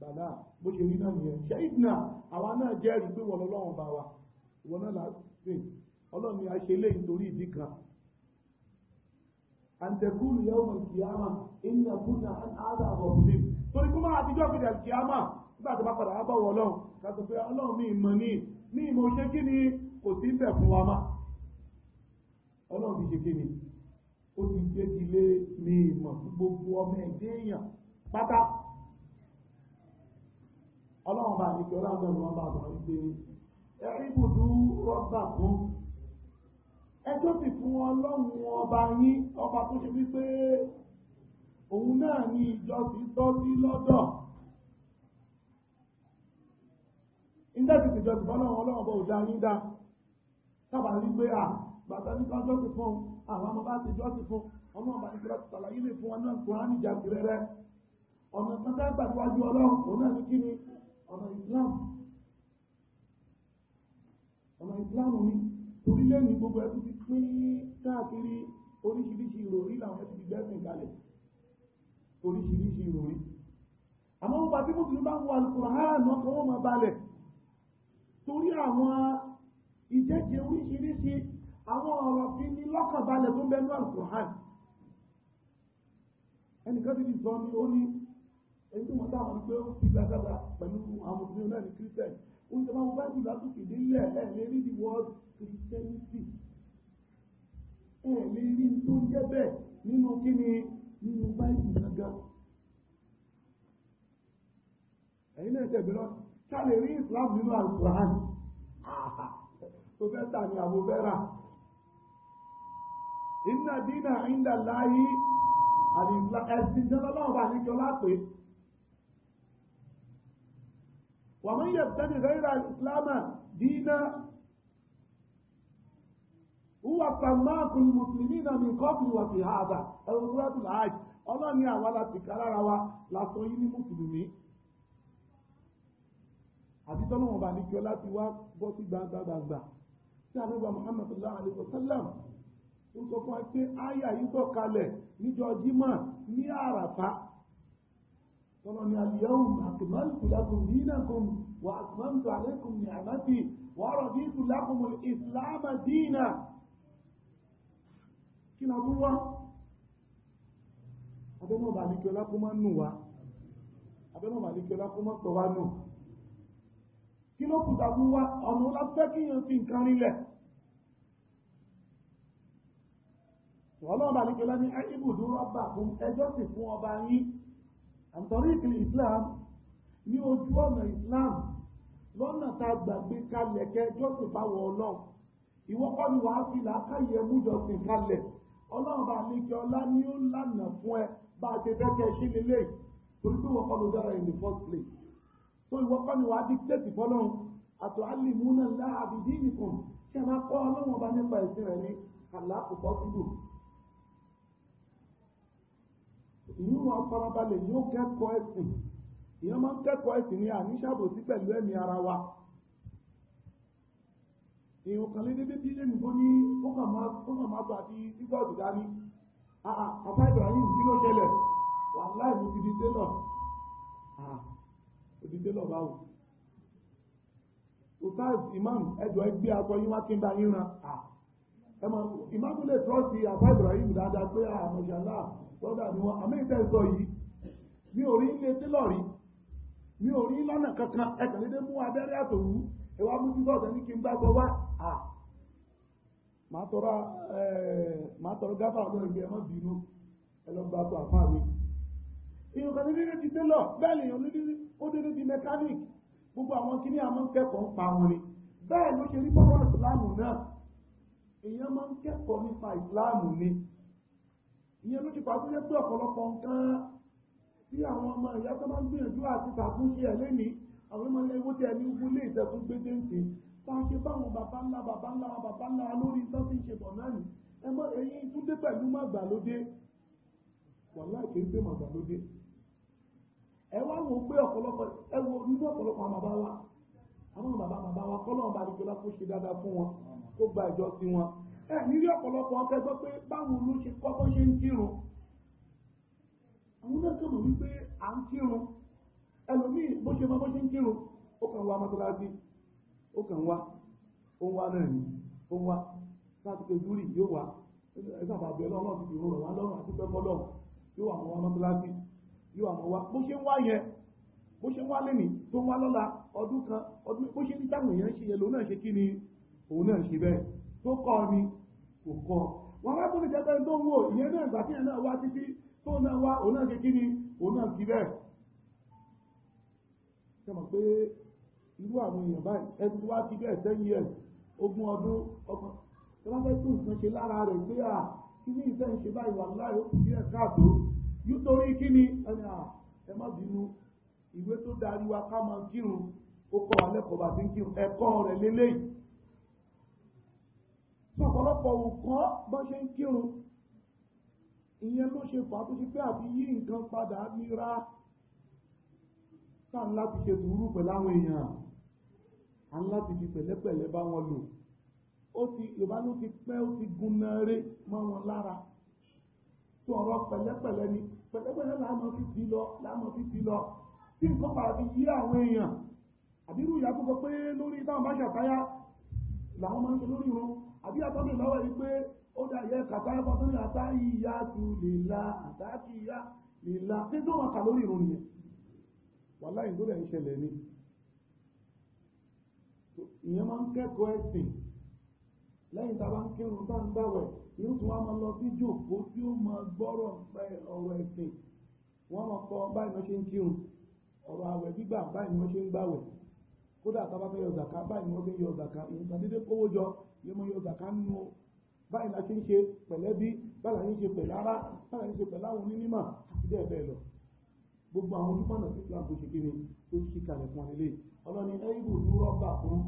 bàbá bó ṣe rí náà nìyẹn ṣe ìdìnnà àwa náà jẹ́rìí pé wọ́n lọ́wọ́n bá wa wọ́n náà láti ọlọ́run ni a ṣe lé nítorí ìdí kan àǹtẹ̀kùlù yẹ́wò mọ̀ kìámà ìnà kùnà àdà ọ̀gbìn torí kó máa àtijọ́ kìdà kìámà nígbà tó bá padà wá bọ̀ wọ̀ lọ́run kàtó pé ọlọ́run mi ìmọ̀ ni mi ìmọ̀ ṣe kí ni kò sí bẹ̀ fún wa má ọlọ́run fi ṣe kí ọlọ́run bá ti kí ọlọ́run bẹ̀rù wọn bá sọ wípé ẹ̀rí ibùdó rọ́bà fún ẹjọ́ sì fún ọlọ́run ọba yín ọba tó ṣe wípé òun náà ni ìjọsìn tọ́ sí lọ́dọ̀ ìjọsì ti jọ ìbọn náà ọlọ́run bọ̀ òjá yín dá sábà rí pé à bàtà nípa jọ́sì fún àwọn ọmọ bá ti jọ́sì fún ọmọ ọba ìjọba ti sàlàyé lè fún wọn náà kúránì jà kúrẹ́rẹ́ ọ̀nà kan tá gbàgbájú ọlọ́run òun náà ní kí ni ọ̀nà Islam ọ̀nà Islam ni torí lẹ́nu gbogbo ẹtù ti pín káàkiri oríṣiríṣi ìròrí làwọn ẹtù ti gbẹ́sìn kalẹ̀ oríṣiríṣi ìròrí àmọ́ ń pàtí mùsùlùmí bá ń wà Al-Qur'an ọkọ̀ wọn máa balẹ̀ torí àwọn ìjẹ́jẹ oríṣiríṣi àwọn ọ̀rọ̀ fi ní lọ́kànbalẹ̀ tó ń bẹnu Al-Qur'an ẹnìkan ti di sọ ní ó ní èyí tí wọ́n táwọn gbé ìgbàgbàgbà pẹ̀lú àwọn mùsùlùmí náà ní kírísítẹ̀nì wọ́n ti máa ń báyìí látòkè délẹ̀ ẹ̀ lè rí the word christianity ẹ̀ lè rí tó ń jẹ́ bẹ́ẹ̀ nínú kíni nínú báyìí gangan ẹ̀yin náà tẹ̀gbẹ́ lọ ká lè rí islam nínú alukur'an tó fẹ́ tà ní àbò fẹ́ rà inna dina inda Allahi àti ẹ̀sìn jẹ́ lọ́wọ́ bá ní kí ọlá pé. ومن يبتغي غير الإسلام دينا هو سماك المسلمين من قبل وفي هذا سورة العاج ọlọ́run ní àwa láti kárára wa lásán yí ní mùsùlùmí àti tọ́lọ́wọ̀n bá ní kí ọ láti wá bọ́ sí gbangba gbangba tí a nígbà Muhammad sallallahu alaihi wasallam ń sọ fún wa pé áyà yìí sọ̀kalẹ̀ níjọ́ Jímọ̀ ní Àràfá tọ́lọ́ni al-yawma akmaltu lakum dinakum wa atmamtu alaykum ni'mati wa raditu lakum al-islam dinan kí la tún wá abẹ́mọ̀ bàlíkẹ́ ọlá kó má nù wá abẹ́mọ̀ bàlíkẹ́ ọlá kó má sọ wá nù kí ló kùtà fún wa ọ̀nà láfẹ́ kí yàn fi nǹkan rílẹ̀ ọlọ́ọ̀bà ní pẹ̀lú ní ẹ̀yìnbùdó rọ́bà fún ẹjọ́ sì fún ọba yín عن طريق الإسلام ní ojú ọ̀nà Islam lọ́nà tá a gbà gbé kalẹ̀ kẹjọ́ sì bá wọ ọlọ́run ìwọ́pọ̀ ni wàá fi làákàyè ẹmújọsìn kalẹ̀ ọlọ́run bá ní kí ọlá ní ó lànà fún ẹ bá a ṣe fẹ́kẹ́ ṣí nílé torí pé ìwọ́pọ̀ ló dára in the first place so ìwọ́pọ̀ ni wàá dictate fọlọ́run àtọ̀ alìmúnà láàbìdí nìkan kí ẹ máa kọ́ ọlọ́run ọba nípa ẹ̀sìn rẹ̀ ní àlàkù possible ìyún máa farabalẹ̀ yóò kẹ́kọ̀ọ́ ẹ̀sìn ìyẹn máa ń kẹ́kọ̀ọ́ ẹ̀sìn ní àníṣàbòsí pẹ̀lú ẹ̀mí ara wa èèyàn kan lé dédé bí lẹ́nu tó ní ó kàn máa sọ àti tíkọ́ọ̀tù dání àbá Ibrahim kí ló ṣẹlẹ̀ wà láì mú ti di télọ̀ òdi télọ̀ báwo ustaz imam ẹjọ́ ẹgbẹ́ aṣọ yín wá kí n bá yín ran ẹmọ ìmáàmúlẹ̀ trọ́ọ̀sì àbá Ibrahim dáadáa pé ah, àmọ̀ṣàlá lọ́dà ni wọn àmì ìtẹ́ sọ yìí mi ò rí ilé tílọ̀rí mi ò rí lọ́nà kankan ẹ̀kànlédé mú abẹ́rẹ́ àtòwú ẹwà mú sí bọ́ọ̀sẹ̀ ní kí n bá sọ wá à máa tọrọ máa tọrọ gáfà lọ ìgbé ẹmọ bínú ẹlọgbà tó àfáà mi èèyàn kan nílé ti télọ̀ bẹ́ẹ̀ lèèyàn nílé ó dédé di mẹkáníìkì gbogbo àwọn kíní àmọ́ kẹ́kọ̀ọ́ ń pa wọn ni bẹ́ẹ̀ ló ṣe rí bọ́ọ̀rọ̀ ìsìlámù náà èèyàn máa ń kẹ́kọ̀ọ́ nípa ìsìláàmù ni ìyẹn ló ti pàtó jẹ́ pé ọ̀pọ̀lọpọ̀ nǹkan tí àwọn ọmọ ìyá tó máa ń gbìyànjú àti tàkúnṣe ẹ̀ lẹ́nìí àwọn ọmọ ilé owó tí ẹni wú lé ìtẹ̀tún gbé déǹtì tá a ṣe báwọn bàbá ńlá bàbá ńlá bàbá ńlá lórí tó ti ń ṣe bọ̀ náà nì ẹ mọ eyín túndé pẹ̀lú màgbàlódé wàláì kì í pé màgbàlódé ẹ wá wò ó pé ọ̀pọ̀lọpọ̀ ẹ wo nínú ọ̀pọ̀lọpọ̀ àwọn bàbá wa àwọn bàbá bàbá wa kọ́lọ́ọ̀ bá dìgbò lápò ṣe dáadáa fún wọn tó gba ìjọ sí wọn ẹ nírí ọ̀pọ̀lọpọ̀ ọ̀tẹ́ gbọ́ pé báwo ló ṣe kọ́kọ́ ṣe ń kírun àwọn náà sọ̀rọ̀ wípé à ń kírun ẹlòmíì bó ṣe mọ bó ṣe ń kírun ó kàn wá mọ́tòláṣí ó kàn wá ó ń wá náà ó ń wá láti pé júrì yóò wá ti rẹ̀ wá lọ́rùn àti pẹ́ yóò wà mọ́ wá yóò wà mọ́ wá bó ṣe kan ọdún bó ṣe ń dáhùn yẹn ṣe yẹn lòun òun náà ṣe bẹ́ẹ̀ tó kọ́ ni kò kọ́ wọn bá tóbi jẹ́ pé tó ń wò ìyẹn náà ìgbà tí yẹn náà wá títí tó náà wá òun náà ṣe kí ni òun náà ṣe bẹ́ẹ̀ ṣe mọ̀ pé irú àwọn èèyàn báyìí ẹni tó wá ti bẹ́ẹ̀ sẹ́yìn ẹ̀ ogún ọdún ọgbọ̀n tó bá fẹ́ tún nǹkan ṣe lára rẹ̀ pé à kí ní ìfẹ́ ń ṣe báyìí wà láì ó kù díẹ̀ káàtó nítorí kí ni ẹ má bínú ìwé tó darí wa ká máa kírun ó kọ́ wa lẹ́kọ̀ọ́ bá ti ń kírun ẹ̀kọ́ rẹ̀ lélẹ́yìí ọ̀pọ̀lọpọ̀ òkọ́ bó ṣe ń kírun ìyẹn ló ṣe fà tó ṣe pé àfi yí nǹkan padà nira táà láti ṣe sùúrù pẹ̀lú àwọn èèyàn à ń láti fi pẹ̀lẹ́pẹ̀lẹ́ bá wọn lò ó ti yorùbá ló ti pẹ́ ó ti gunna eré mọ́ wọn lára tó ọ̀rọ̀ pẹ̀lẹ́pẹ̀lẹ́ ni pẹ̀lẹ́pẹ̀lẹ́ láàmú fífi lọ láàmú fífi lọ tí nǹkan padà fi yí àwọn èèyàn àbírú ìyá tó pé lórí táwọn bá ṣàtáyà làwọn máa ń ṣe lórí irun àbí àtọ́kì lọ́wọ́ yìí pé ó dà yẹ kàtà ẹ̀kọ́ tó ní àtà ìyá tu lìlà àtà kì ìyá lìlà tí tó wọn kà lórí ìròyìn yẹn wàhálà ìgbódà ń ṣẹlẹ̀ ni ìyẹn máa ń kẹ́kọ̀ọ́ ẹ̀sìn lẹ́yìn tá a bá ń kírun tá a ń gbàwẹ̀ yóò tún wá máa lọ sí jòkó tí ó máa gbọ́rọ̀ ọ̀rọ̀ ẹ̀sìn wọ́n máa kọ́ báyìí wọ́n ṣe ń kírun ọ̀rọ̀ àwẹ̀ gbígbà báyìí wọ́n ṣe ń gbàwẹ̀ kódà tá a bá fẹ́ yọ zàká báyìí wọ́n fi ń yọ zàká ìyẹn kan yóò mọ yóò zàká nù o báyìí la ti ń ṣe pẹ̀lẹ́bí báyìí la ń ṣe pẹ̀lára báyìí la ń ṣe pẹ̀láwọn onímọ̀ àti bẹ́ẹ̀ bẹ́ẹ̀ lọ gbogbo àwọn ojúpọ̀nà tí islam tó ṣe kí ni ó ṣí kalẹ̀ fún ilé ọlọ́ni ẹ́yìnbó ní rọ́bà fún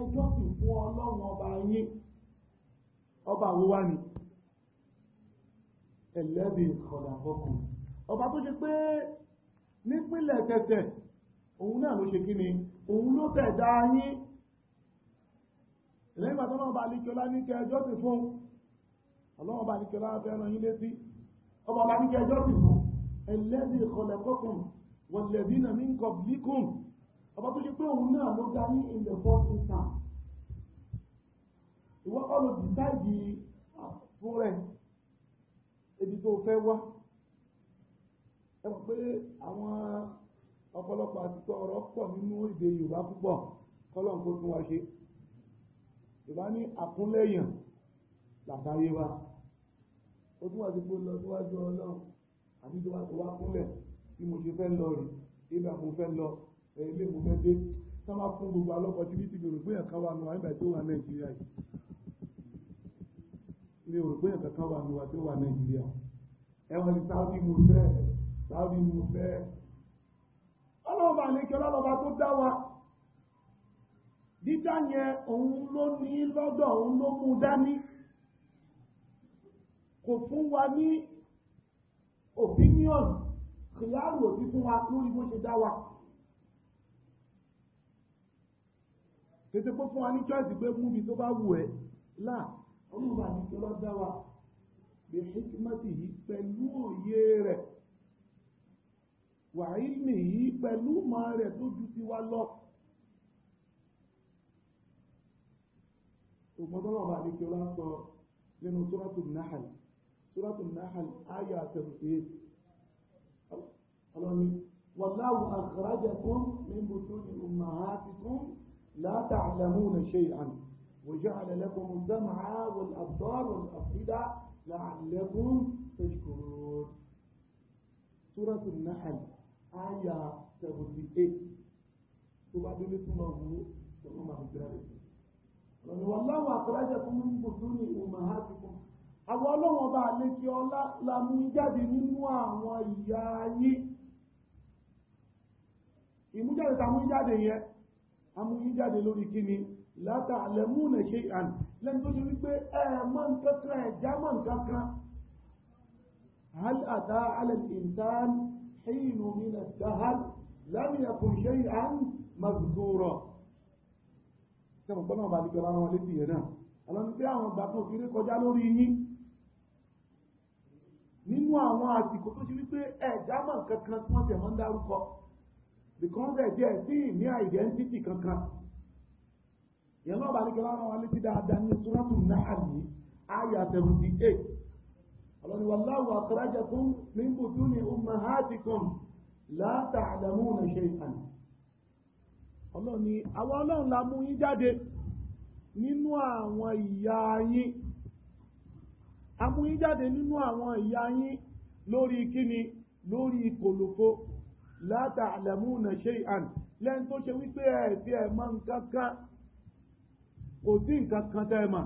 ẹjọ́ sì fún ọlọ́run ọba yín ọba wo wá ni ẹlẹ́bí ọ̀dà ọkùn ọba tó ṣe pé nípínlẹ̀ tẹ̀tẹ̀ òun náà ló ṣe kí ni òun ló tẹ̀dá yín lẹ́yìn bàtọ́ náà bá alikiola ní kẹ ẹjọ́ sì fún ọlọ́wọ́ bá alikiola fẹ́ràn yín létí ọba bá ní kẹ ẹjọ́ sì fún ẹlẹ́dì ìkọlẹ̀kọ́kùn wọ̀lẹ̀dì nàmí kọ̀bílíkùn ọba tó ṣe pé òun náà ló ga ní in the first instance ìwọ kọ́ ló fún rẹ̀ ibi tó fẹ́ wá ẹ mọ̀ pé àwọn ọ̀pọ̀lọpọ̀ àtìkọ ọ̀rọ̀ pọ̀ nínú èdè Yorùbá púpọ̀ kọ́lọ̀ ìbá ní àkúnlẹ̀yàn làtàrí wa ó tún wà sí pé lọ síwájú ọlọ́run àbí tó wá tó wá kúnlẹ̀ bí mo ṣe fẹ́ lọ rí ibà mo fẹ́ lọ ilé mo fẹ́ dé tá wá fún gbogbo alọ́kọ̀ tí bí ti gbèrò pé ẹ̀ka wa nu wa nígbà tó wà nàìjíríà yìí ilé rò pé ẹ̀ka kan wà nu tó wà nàìjíríà ẹ̀wọ̀n ni sáúdí mo fẹ́ sáúdí mo fẹ́ ọlọ́ọ̀bà ní kí ọlọ́ọ̀bà tó dá wa dídá yẹn òun ló ní lọ́dọ̀ òun ló mú dání kò fún wa ní opinion kìláàrù òbí fún wa lórí bó ṣe dá wa tètè kó fún wa ní choice pé mú mi tó bá wù ẹ́ láà ọlọ́run bá ní kí ọlọ́dá wa bí hikimati yìí pẹ̀lú òye rẹ̀ wàhálì yìí pẹ̀lú mọ́ rẹ̀ tó ju tiwa lọ. ومضمع بعد كلاسة لأنه سورة النحل سورة النحل آية تنفيذ الله والله أخرجكم من بطون أمهاتكم لا تعلمون شيئا وجعل لكم السمع والأبصار والأفئدة لعلكم تشكرون سورة النحل آية تنفيذ وبعد ذلك délé tó máa wallahu akhrajakum min butuni ummahatikum àwọn ọlọ́wọ́n bá lè kí ọlá lamú jáde nínú àwọn ìyá yín ìmújáde tàmú jáde yẹn amú jáde lórí kíni látàlẹ́múnà ṣe àn lẹ́nu tó ṣe wípé ẹ̀ẹ̀mọ́ nkankan ẹ̀jámọ́ nkankan هل أتى على الإنسان حين من الدهر لم يكن شيئا sẹ́wọ̀n gbọ́nà ọba àdìgbẹ́ lára wọn létí yẹn náà ọlọ́ni pé àwọn ìgbà tó kéré kọjá lórí yín nínú àwọn àsìkò tó ṣe wípé ẹ̀dá mọ̀ kankan tí wọ́n tẹ̀ mọ́ ń dárúkọ because ẹ̀jẹ̀ sí ní àìdẹ́ntìtì kankan yẹn náà ọba àdìgbẹ́ lára wọn létí dáadáa ní sùrátù Nahl ní àyà seventy eight ọlọ́ni wallahu akhrajakum min butuni ummahatikum la ta'lamuna shay'an ọlọ́run ni àwọn ọlọ́run la mú yín jáde nínú àwọn ìyá yín a mú yín jáde nínú àwọn ìyá yín lórí kíni lórí kòlòfo látà àlẹ́múnà ṣe àn lẹ́yìn tó ṣe wípé ẹ̀ fi ẹ̀ mọ̀ nǹkan kan kò sí nǹkan kan tẹ́ ẹ mọ̀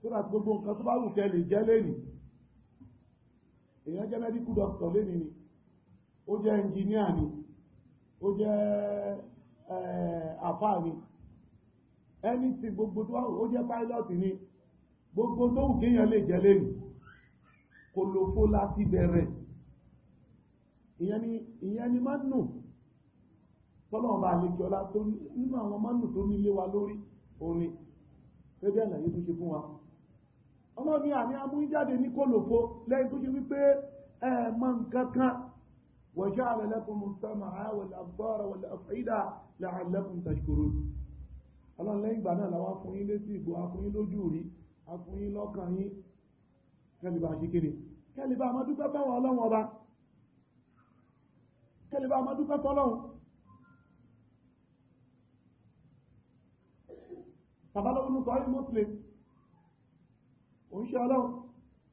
sódà gbogbo nǹkan tó bá wù kẹ́ lè jẹ́ lẹ́nìí èèyàn jẹ́ mẹ́díkù dọ́kítọ̀ lẹ́nìí ni ó jẹ́ ẹnjìníà ni ó jẹ́ àfáà ni ẹni tí gbogbo tó ó jẹ́ páílọ́tì ni gbogbo tó wù kéèyàn lè jẹ lẹ́yìn kòlòfó láti bẹ̀rẹ̀ ìyẹn ni máa nù tọ́lọ́wọ́n bá lè kí ọlá tó nínú àwọn máa nù tó nílé wa lórí orin gẹ́gẹ́ àlàyé tó ṣe fún wa ọlọ́ni àní amújáde ní kòlòfó lẹ́yìn tó ṣe wípé ẹ̀ẹ̀mọ̀ nǹkan kan وجعل لكم السمع والأبصار والأفعدة لعلكم تشكرون ọlọ́run lẹ́yìn ìgbà náà làwọn fún yín létí ìgbò a fún yín lójú rí a fún yín lọ́kàn yín kẹlìbà ṣíkiri kẹlìbà amádúpẹ́ fáwọn ọlọ́run ọba kẹlìbà amádúpẹ́ fọlọ́run babalọ́wọ́nù sọ yín mọ́sílẹ̀ òun ṣe ọlọ́run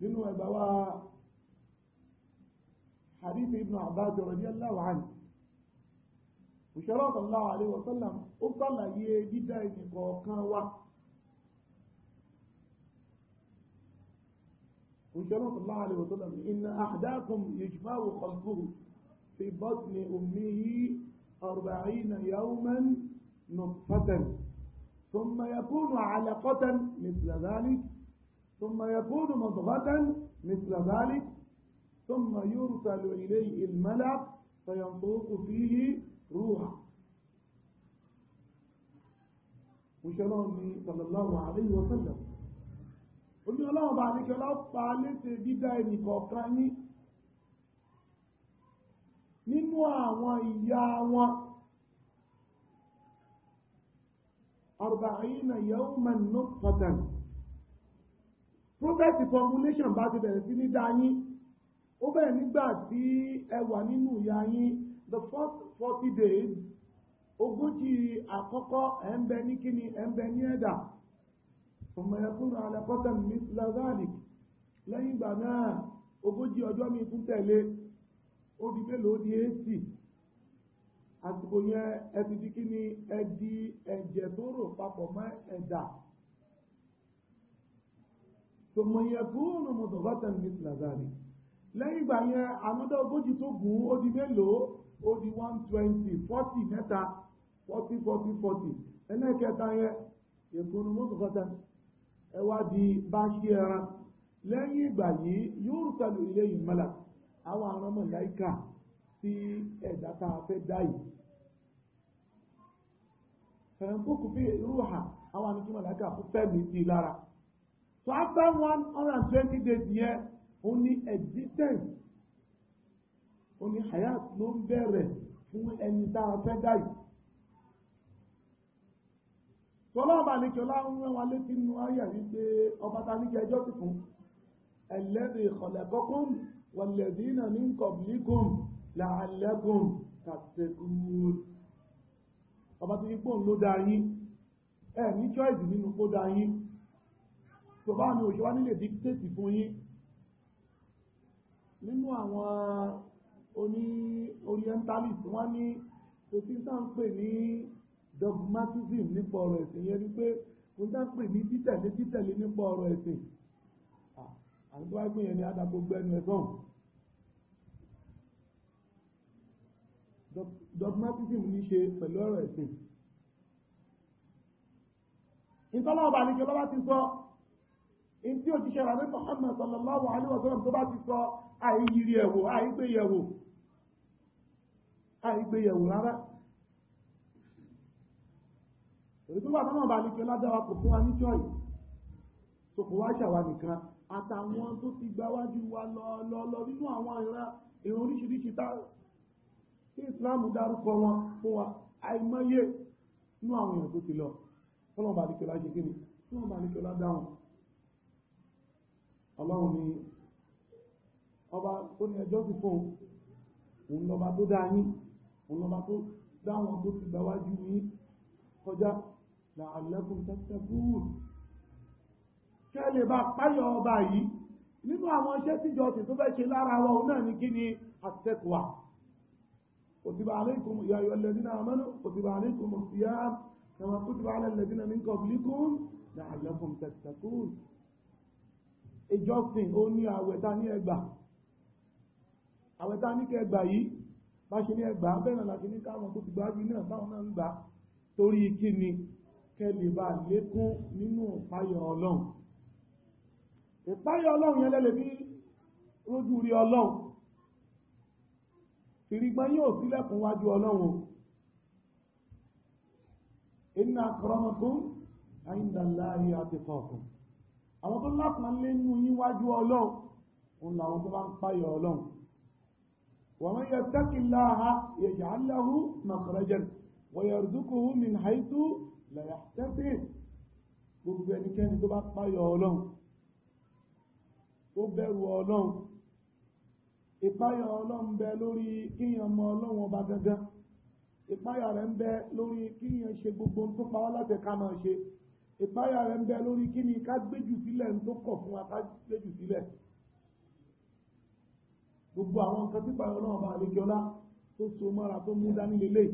nínú ẹgbàá wa حديث ابن عباس رضي الله عنه وشرط الله عليه وسلم أبطل يجد نقوكا وقت وشرط الله عليه وسلم إن أحداكم يجمع خلقه في بطن أمه أربعين يوما نطفة ثم يكون علقة مثل ذلك ثم يكون مضغة مثل ذلك ثم يرسل إليه الملك فينطق فيه روحا وشراني صلى الله عليه وسلم omi ọlọ́run bá ní kẹlá pa léṣe dídá ẹnì kọ̀ọ̀kan ní nínú àwọn ìyá wọn arba'ina yawman nutfatan prophet formulation bá ti bẹ̀rẹ̀ sí ní dá yín ó bẹ̀rẹ̀ nígbà tí ẹ nínú ìyá yín the first forty days ogójì àkọ́kọ́ ẹ̀ ń bẹ ní kíni ẹ̀ ń bẹ ní ẹ̀dà ọmọ ẹkùnrin alẹ́kọ́tà ní lazalik lẹ́yìn ìgbà náà ogójì ọjọ́ mi tún tẹ̀lé ó di mélòó di eighty yẹn ẹ ti di kíni ẹ ẹ̀jẹ̀ tó rò papọ̀ mọ́ ẹ̀dà tòmọ̀yẹ̀kùnrin mọ̀tòbátà ní lazalik. lẹ́yìn ìgbà yẹn ànádá ogójì tó gùn ó di mélòó ó di one twenty forty mẹ́ta forty forty forty ẹlẹ́kẹta yẹn èkónú mọ́tòkọ́tà ẹ wá di bá ẹran lẹ́yìn ìgbà yìí yóò sọ̀lù ilé yìí mọ́lá àwọn aràn mọ̀láìkà sí ẹ̀dá tá a fẹ́ dá yìí. fẹ̀ǹfókù bí rúhà àwọn mọ̀láìkà fún so after one hundred and ó ní existence ó ní hayat ló ń bẹ̀rẹ̀ fún ẹni tá a fẹ́ dá yìí sọlọ́ọ̀bà ní kí ọláhùn rán wa létí nínú ayà wípé ọba ta ní kí ẹjọ́ ti kún ẹlẹ́dẹ̀ ìkọlẹ̀kọ́kún wọ̀lẹ̀dínà ní kọ̀bílíkùn làálẹ́kùn kàtẹ́kùn ọba tó yípo ló dá yín ẹ ní choice nínú kó dá yín sọba ni òṣèwá nílé dictate fún yín nínú àwọn oní orientalist wọ́n ní kò sí sáà ń pè ní dogmatism nípa ọ̀rọ̀ ẹ̀sìn yẹn ni pé kò sáà ń pè ní títẹ̀lé títẹ̀lé nípa ọ̀rọ̀ ẹ̀sìn àgbágbé yẹn ni adàgbò gbẹnu ẹ̀sán dogmatism ní ṣe pẹ̀lú ọ̀rọ̀ ẹ̀sìn ìtọ́lọ́ọ̀bà ní kí ọlọ́wà ti sọ èyí tí òjíṣẹ́ rà nípa Muhammad sallallahu alaihi wasallam tó bá ti sọ àìyírí ẹ̀wò àìgbéyẹ̀wò àìgbéyẹ̀wò rárá èyí tó wà tọ́nà bá ní kí ọládára kò fún wa níjọ́ yìí tó kò wá ṣàwà nìkan àtàwọn tó ti gba wájú wa lọ nínú àwọn ìran ìran oríṣiríṣi tá tí Islam dárúkọ wọn fún wa àìmọye nínú àwọn èèyàn tó ti lọ tọ́nà bá ní kí ọlá ṣe kí ni tọ́nà bá ní kí ọlá dáhùn ọlọ́run ni ọba ó ní ẹjọ́ sí fún òun lọba tó dá yín òun lọba tó dáwọn tó ti gbáwájú yín kọjá làálẹ́kùn tẹ́tẹ́kùn kẹ́lẹ̀ bá páyọ̀ ọba yìí nínú àwọn iṣẹ́ tíjọ sì tó fẹ́ ṣe lára wa òun náà ní kí ni àtẹ́kùwà kutiba alaykum ya ayyuhalladhina amanu kutiba alaykumus siyam kama kutiba alal ladhina min qablikum la'allakum tattaqun ìjọsìn ó ní àwẹ̀ta ní ẹgbà àwẹ̀ta ní kẹgbà yìí bá ṣe ní ẹgbà bẹ́ẹ̀ láti ní káwọn tó ti gbájú náà táwọn náà ń gbà torí kí ni kẹlì bá lékún nínú ìpáyọ̀ ọlọ́run ìpáyọ̀ ọlọ́run yẹn lẹ́lẹ̀ bí rójú rí ọlọ́run ìrìgbọ́n yóò sílẹ̀kùn wájú ọlọ́run inna akramakum inda Allahi atqakum àwọn tó lápàálé nú yíwájú ọlọ́run òun làwọn tó bá ń páyọ ọlọ́run wa man yattaqillaha yaj'al lahu makhrajan wa yarzuquhu min haythu la yahtasib gbogbo ẹnikẹ́ni tó bá páyọ ọlọ́run tó bẹ̀rù ọlọ́run ìpáyà rẹ̀ ń bẹ lórí kí ni ká gbéjù sílẹ̀ ń tó kọ̀ fún wa ká gbéjù sílẹ̀ gbogbo àwọn nǹkan tí pààyàn náà bá àlejò ọlá tó so mọ́ra tó mú dání lélẹ̀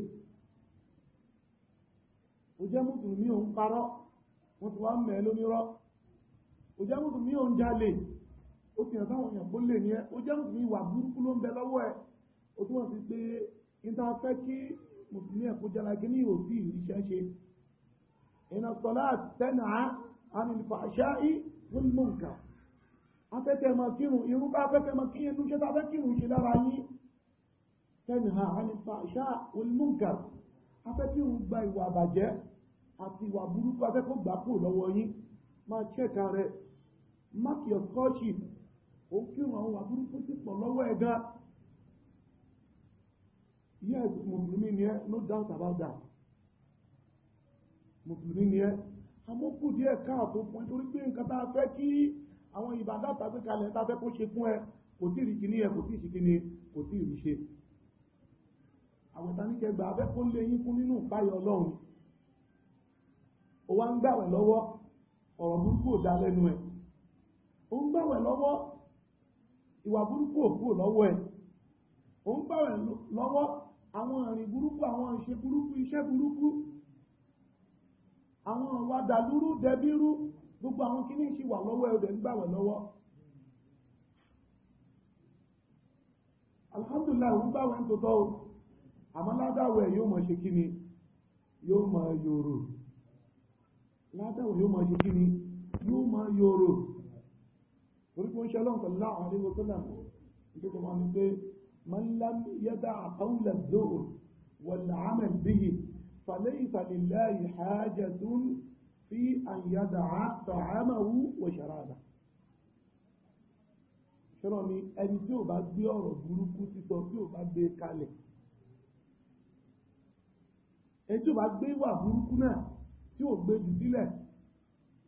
ó jẹ́ mùsùlùmí òun parọ́ wọ́n ti wá ń mẹ́ lónírọ́ ó jẹ́ mùsùlùmí òun jalè ó ti hàn táwọn èèyàn kó lè ní ẹ ó jẹ́ mùsùlùmí ìwà burúkú ló ń bẹ lọ́wọ́ ẹ ó túmọ̀ sí pé níta fẹ́ kí mùsùlùmí ẹ̀kọ́ jalagbé ní ìwòsí ìṣẹ́ ṣe iná sọlá tẹ́nàá àmìlìfàṣá ì fún mọ̀nkà afẹ́fẹ́ máa kírun irú bá afẹ́fẹ́ máa kí inú ṣe tafẹ́ kírun ṣe lára yín tẹ́nàá àmìlìfàṣá fún mọ̀nkà afẹ́ kírun gba ìwà àbàjẹ́ àti ìwà burúkú afẹ́ kó gbà kúrò lọ́wọ́ yín máa ṣẹ́ka rẹ̀ mark your scholarship ó kírun àwọn ìwà burúkú ti pọ̀ lọ́wọ́ ẹ̀ gan yes mùsùlùmí ni ẹ no doubt about that mùsùlùmí ni ẹ́ àmọ́ kù díẹ̀ káàtó fún ẹ torí pé nǹkan tá a fẹ́ kí àwọn ìbàdàn tàbí kalẹ̀ tá a fẹ́ kó ṣe fún ẹ kò tí ì rí kíní ẹ kò tí ì ṣe kíní kò tí ì rí ṣe àwọn ìtaníkẹgbà abẹ́ kó lé yín fún nínú ìpáyọ ọlọ́run ó wá ń gbàwẹ̀ lọ́wọ́ ọ̀rọ̀ burúkú ò dá lẹ́nu ẹ̀ ó ń gbàwẹ̀ lọ́wọ́ ìwà burúkú ò kúrò lọ́wọ́ ẹ̀ ó ń gbàwẹ̀ lọ́wọ́ àwọn àrìn burúkú àwọn ìṣe burúkú iṣẹ́ burúkú àwọn ọ̀wà dàlúrú dẹbírú gbogbo àwọn kìíní ṣì wà lọ́wọ́ ẹ̀rọ ń gbàwẹ̀ lọ́wọ́ alhamdulillah ń gbàwẹ̀ ń tòótọ́ o àmọ́ ládàwẹ̀ yóò mọ̀ ṣe kí ni yóò mọ̀ yòrò ládàwẹ̀ yóò mọ̀ ṣe kí ni yóò mọ̀ yòrò torí pé ń ṣe lọ́nkọ̀ láwọn àdéhùn tó nà nítorí wọn ni pé man lam yada qawla az-zur wal فليس لله حاجة في أن يدع طعامه وشرابه ṣọ́rọ̀ ni ẹni tí ò bá gbé ọ̀rọ̀ burúkú sísọ tí ò bá gbé kalẹ̀ ẹni tí ò bá gbé ìwà burúkú náà tí ò gbé jù sílẹ̀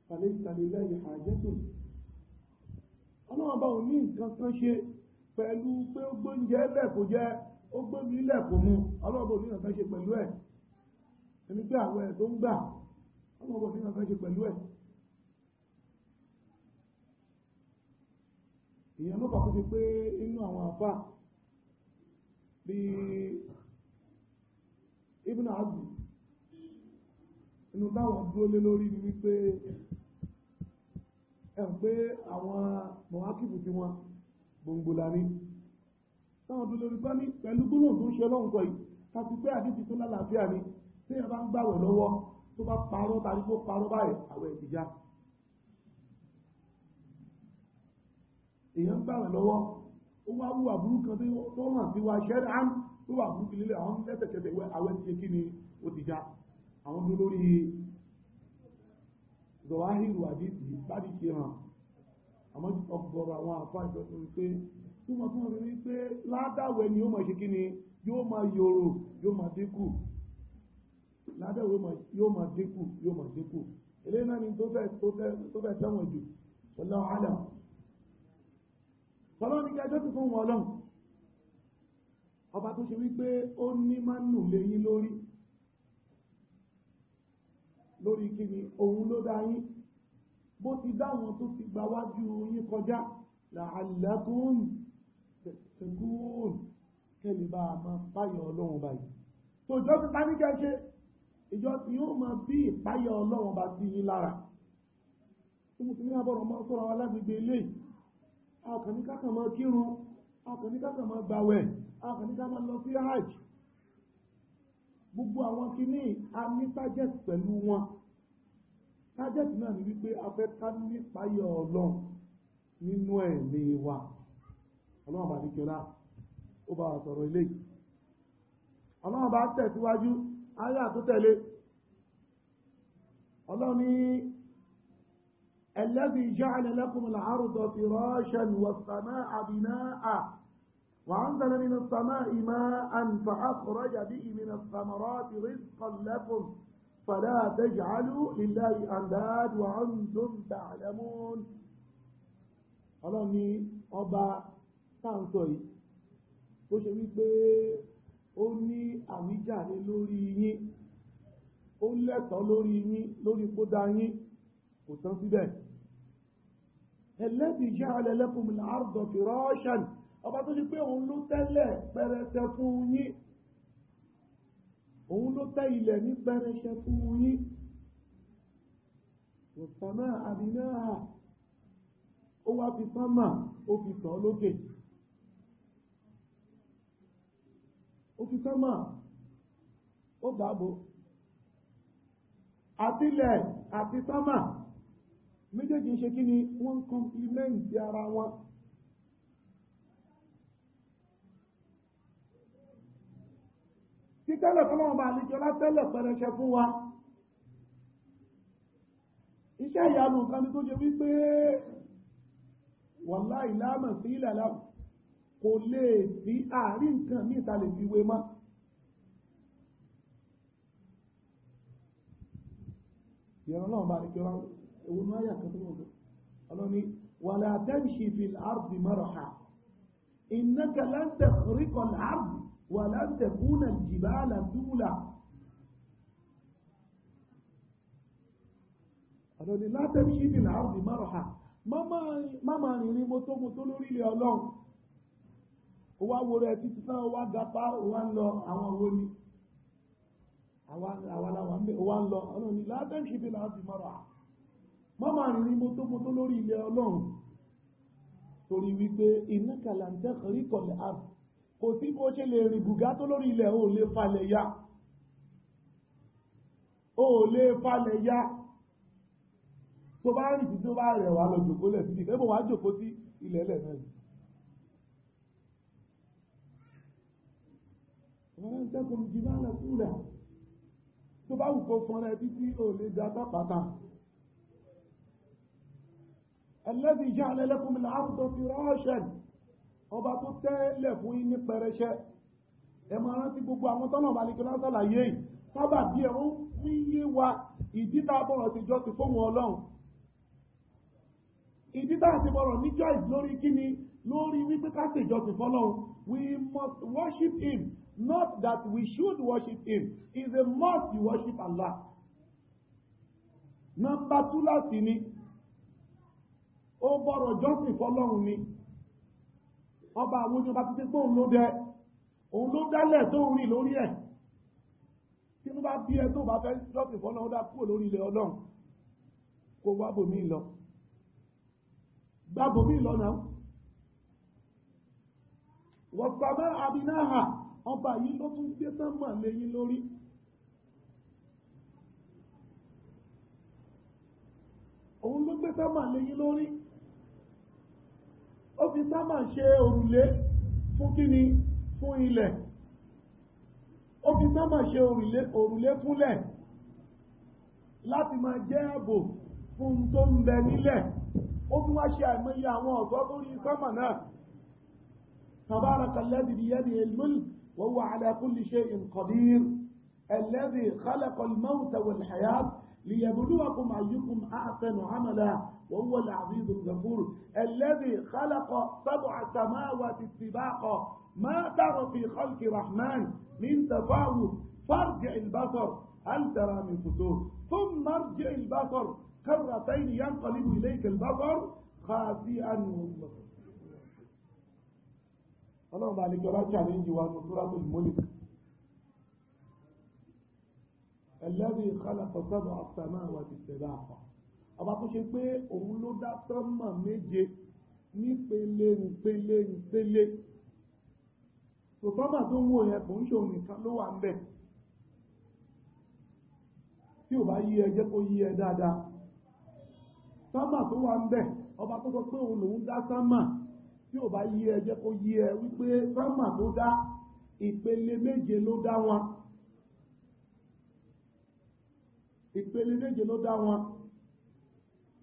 fàlẹ́ ìsàlẹ̀ lẹ́yìn àjẹ́tò ọlọ́wọ́n bá òun nǹkan kan ṣe pẹ̀lú pé ó gbóúnjẹ lẹ̀ kó ó gbóúnjẹ lẹ̀ mu ọlọ́wọ́n bá òun nǹkan ṣe pẹ̀lú ẹ̀ ẹni pé àwọn ẹ̀ tó ń gbà ọmọ ọgbọ̀n nínú ọ̀fẹ́ ṣe pẹ̀lú ẹ̀ èèyàn ló pàtó ṣe pé inú àwọn àfà bí Ibn Azmi inú táwọn dúró lé lórí ni wípé ẹ̀ ń pé àwọn mọ̀hákìbù tí wọn gbòǹgbò lárí táwọn dúró lórí bá ní pẹ̀lú gbólóhùn tó ń ṣe ọlọ́run sọ yìí tàbí pé àdìsí tó lálàáfíà ni tí ẹ bá ń gbàwẹ̀ lọ́wọ́ tó bá parọ́ tàbí kó parọ́ báyìí àwẹ̀ ìdíjá èèyàn ń gbàwẹ̀ lọ́wọ́ ó wá kan tó hàn sí wa ṣẹ́rẹ́ án tó wà burúkú lílẹ̀ àwọn lẹ́sẹ̀kẹsẹ̀ àwẹ̀ ti kí àwọn tó lórí àdìsí ṣe hàn àmọ́ àwọn pé tó mọ̀ mọ̀ ládàá yóò máa dínkù yóò máa dínkù eléyìí náà ni tó fẹ́ sẹ́wọ̀n jù wallahu alam sọlọ́ọ̀ ní kẹjọ́ ti fún wọn ọlọ́run ọba tó ṣe wípé ó ní máa nù léyìn lórí lórí kíni òun ló dá yín bó ti dáwọn tó ti gba wájú yín kọjá la'allakum tattaqun kẹ́lẹ̀ máa báyọ̀ ọlọ́run báyìí tó ìjọ́ kẹ́kẹ́ ìjọ tí yóò máa bí ìpáyà ọlọ́run bá sí yín lára tí mo ti ní abọ́rọ̀ máa sọ́ra wa lágbègbè ilé ọkàn ní kákan máa kírun ọkàn ní kákan máa gbàwẹ̀ ọkàn ní kákan lọ sí hajj gbogbo àwọn kìíní a ní target pẹ̀lú wọn target náà ni wípé a fẹ́ ká ní ìpáyà ọlọ́run nínú ẹ̀mí wa ọlọ́run bá ní kíọ́lá ó bá wa sọ̀rọ̀ ilé ọlọ́run bá tẹ̀síwájú ayé àtútẹ̀lé ọlọ́ni ẹlẹ́bí ja'ala lakum al-arda firashan was-samaa'a binaa'an وأنزل من السماء ماء فأخرج به من الثمرات رزقا لكم فلا تجعلوا لله أنداد وأنتم تعلمون ọlọ́ni ọba ó ní àwíjàre lórí yín ó lẹ́tọ̀ọ́ lórí yín lórí kódà yín kò tán síbẹ̀ ẹlẹ́bí ja'ala lakum al-arda firashan ọba tó ṣe pé òun ló tẹ́lẹ̀ pẹrẹsẹ fún yín òun ló tẹ́ ilẹ̀ ní pẹrẹsẹ fún yín ìsànmọ́ àbínáà ó wá fi sánmà ó fi sàn lókè. Okay. òfin sánmà ó dàbò àtilẹ̀ àti sánmà méjèèjì ṣe kí ni wọ́n ń kọ́mplimẹ́ǹtì ara wọn títẹ́lẹ̀ fọ́lọ́wọ́n bá àlejò látẹ́lẹ̀ pẹ̀rẹ̀ṣẹ̀ fún wa iṣẹ́ ìyanu kan ni tó jẹ wípé wàláì láàmà sí ilẹ̀ kò lè sí àárín nǹkan míì ta lè fi wé mọ́. ìyẹn náà bá ní kí wọn ewu náà yà kẹtọ wọn ọlọ́ni wàlẹ̀ àtẹ́ǹṣì fi àrùbí maraha ìnáka láǹtẹ̀ ríkọ̀ làárùbí wà láǹtẹ̀ kúnà jìbá làdúlà. ọlọ́ni látẹ́ǹṣì fi àrùbí maraha má máa rìnrìn mọ́tòmọ́tò lórílẹ̀ ọlọ́run ó wá wo rẹ̀ títí sáà ó wá gapá ó wá ń lọ àwọn owó ni àwa làwọn bẹ̀ ó wá ń lọ ọlọ́run ni látẹ́ ìṣẹ́fẹ́ láti mọ́ra mọ́mọ́ rìn ní mọ́tòmọ́tò lórí ilẹ̀ ọlọ́run torí wípé iná kàlàǹtẹ́ kọrí kọlẹ̀ àbù kò sí bó ṣe lè rìn bùgátó lórí ilẹ̀ ó lè falẹ̀ ya ó lè falẹ̀ ya tó bá rìn tí tó bá rẹ̀ lọ jòkó lẹ̀ síbi ìfẹ́ bò jòkó sí ilẹ̀ lẹ̀ náà فلن تكن جبال طولا tó bá wù kó fọ́nrẹ́ tí ò lè dá pápátá الذي جعل لكم الأرض فراشا ọba tó tẹ́lẹ̀ fún yín ní pẹrẹsẹ ẹ máa rántí gbogbo àwọn tọ́nà balẹ̀kẹ́ lásàlàyé sábà bí ẹ̀ ń fi yé wa ìdí tá a bọ̀rọ̀ ti jọ ti fóun ọlọ́run ìdí ti bọ̀rọ̀ ní choice kíni lórí wípé ká ṣèjọ ti fọ́lọ́run we must worship him Not that we should worship him. is a must you worship Allah. Nọ́mbà tú láti ni. Ó bọ̀rọ̀ jọ́sìn fọlọ́run ni. Ọba àwọn oníyọba ti ṣe pé òun ló dẹ. Òun ló dálẹ̀ tó ń rìn lórí ẹ̀. Tí wọ́n bá bí ẹ tó bá fẹ́ jọ́sìn fọlọ́run dá kúrò lórí ilẹ̀ ọlọ́run. Kó wá bòmí lọ. Gbá bòmí lọ náà. Wọ̀pàmọ́ àbínáhà ọba yìí ló tún gbé sánmà lẹ́yìn lórí òun ló gbé sánmà lẹ́yìn lórí ó fi sánmà ṣe òrùlé fún kíni fún ilẹ̀ ó fi sánmà ṣe òrùlé òrùlé fúnlẹ̀ láti máa jẹ́ ààbò fún tó ń bẹ nílẹ̀ ó tún wá ṣe àìmọye àwọn ọ̀ṣọ́ lórí sánmà náà tabaraka alladhi biyadihi al-mulk وهو على كل شيء قدير الذي خلق الموت والحياة ليبلوكم أيكم أحسن عملا وهو العزيز الغفور الذي خلق سبع سماوات اتباقا ما ترى في خلق رحمن من تفاوت فارجع البصر هل ترى من فتور ثم ارجع البصر كرتين ينقلب إليك البصر خاسئا مبصر ọlọ́run bá lè jọlá challenge wa ní suratul mulk alladhi khalaqa sab'a samawati tibaqa ọba tó ṣe pé òun ló dá sánmà méje nípele nípele nípele sọ̀tọ́mà tó wù yẹn kò ń ṣe òun nìkan ló wà ń bẹ̀ tí ò bá yí ẹ jẹ́ kó yí ẹ dáadáa sánmà tó wà ń bẹ̀ ọba tó sọ pé òun lòun dá sánmà tí ò bá yí ẹ jẹ́ kó yí ẹ wípé sámà tó dá ìpele méje ló dá wọn ìpele méje ló dá wọn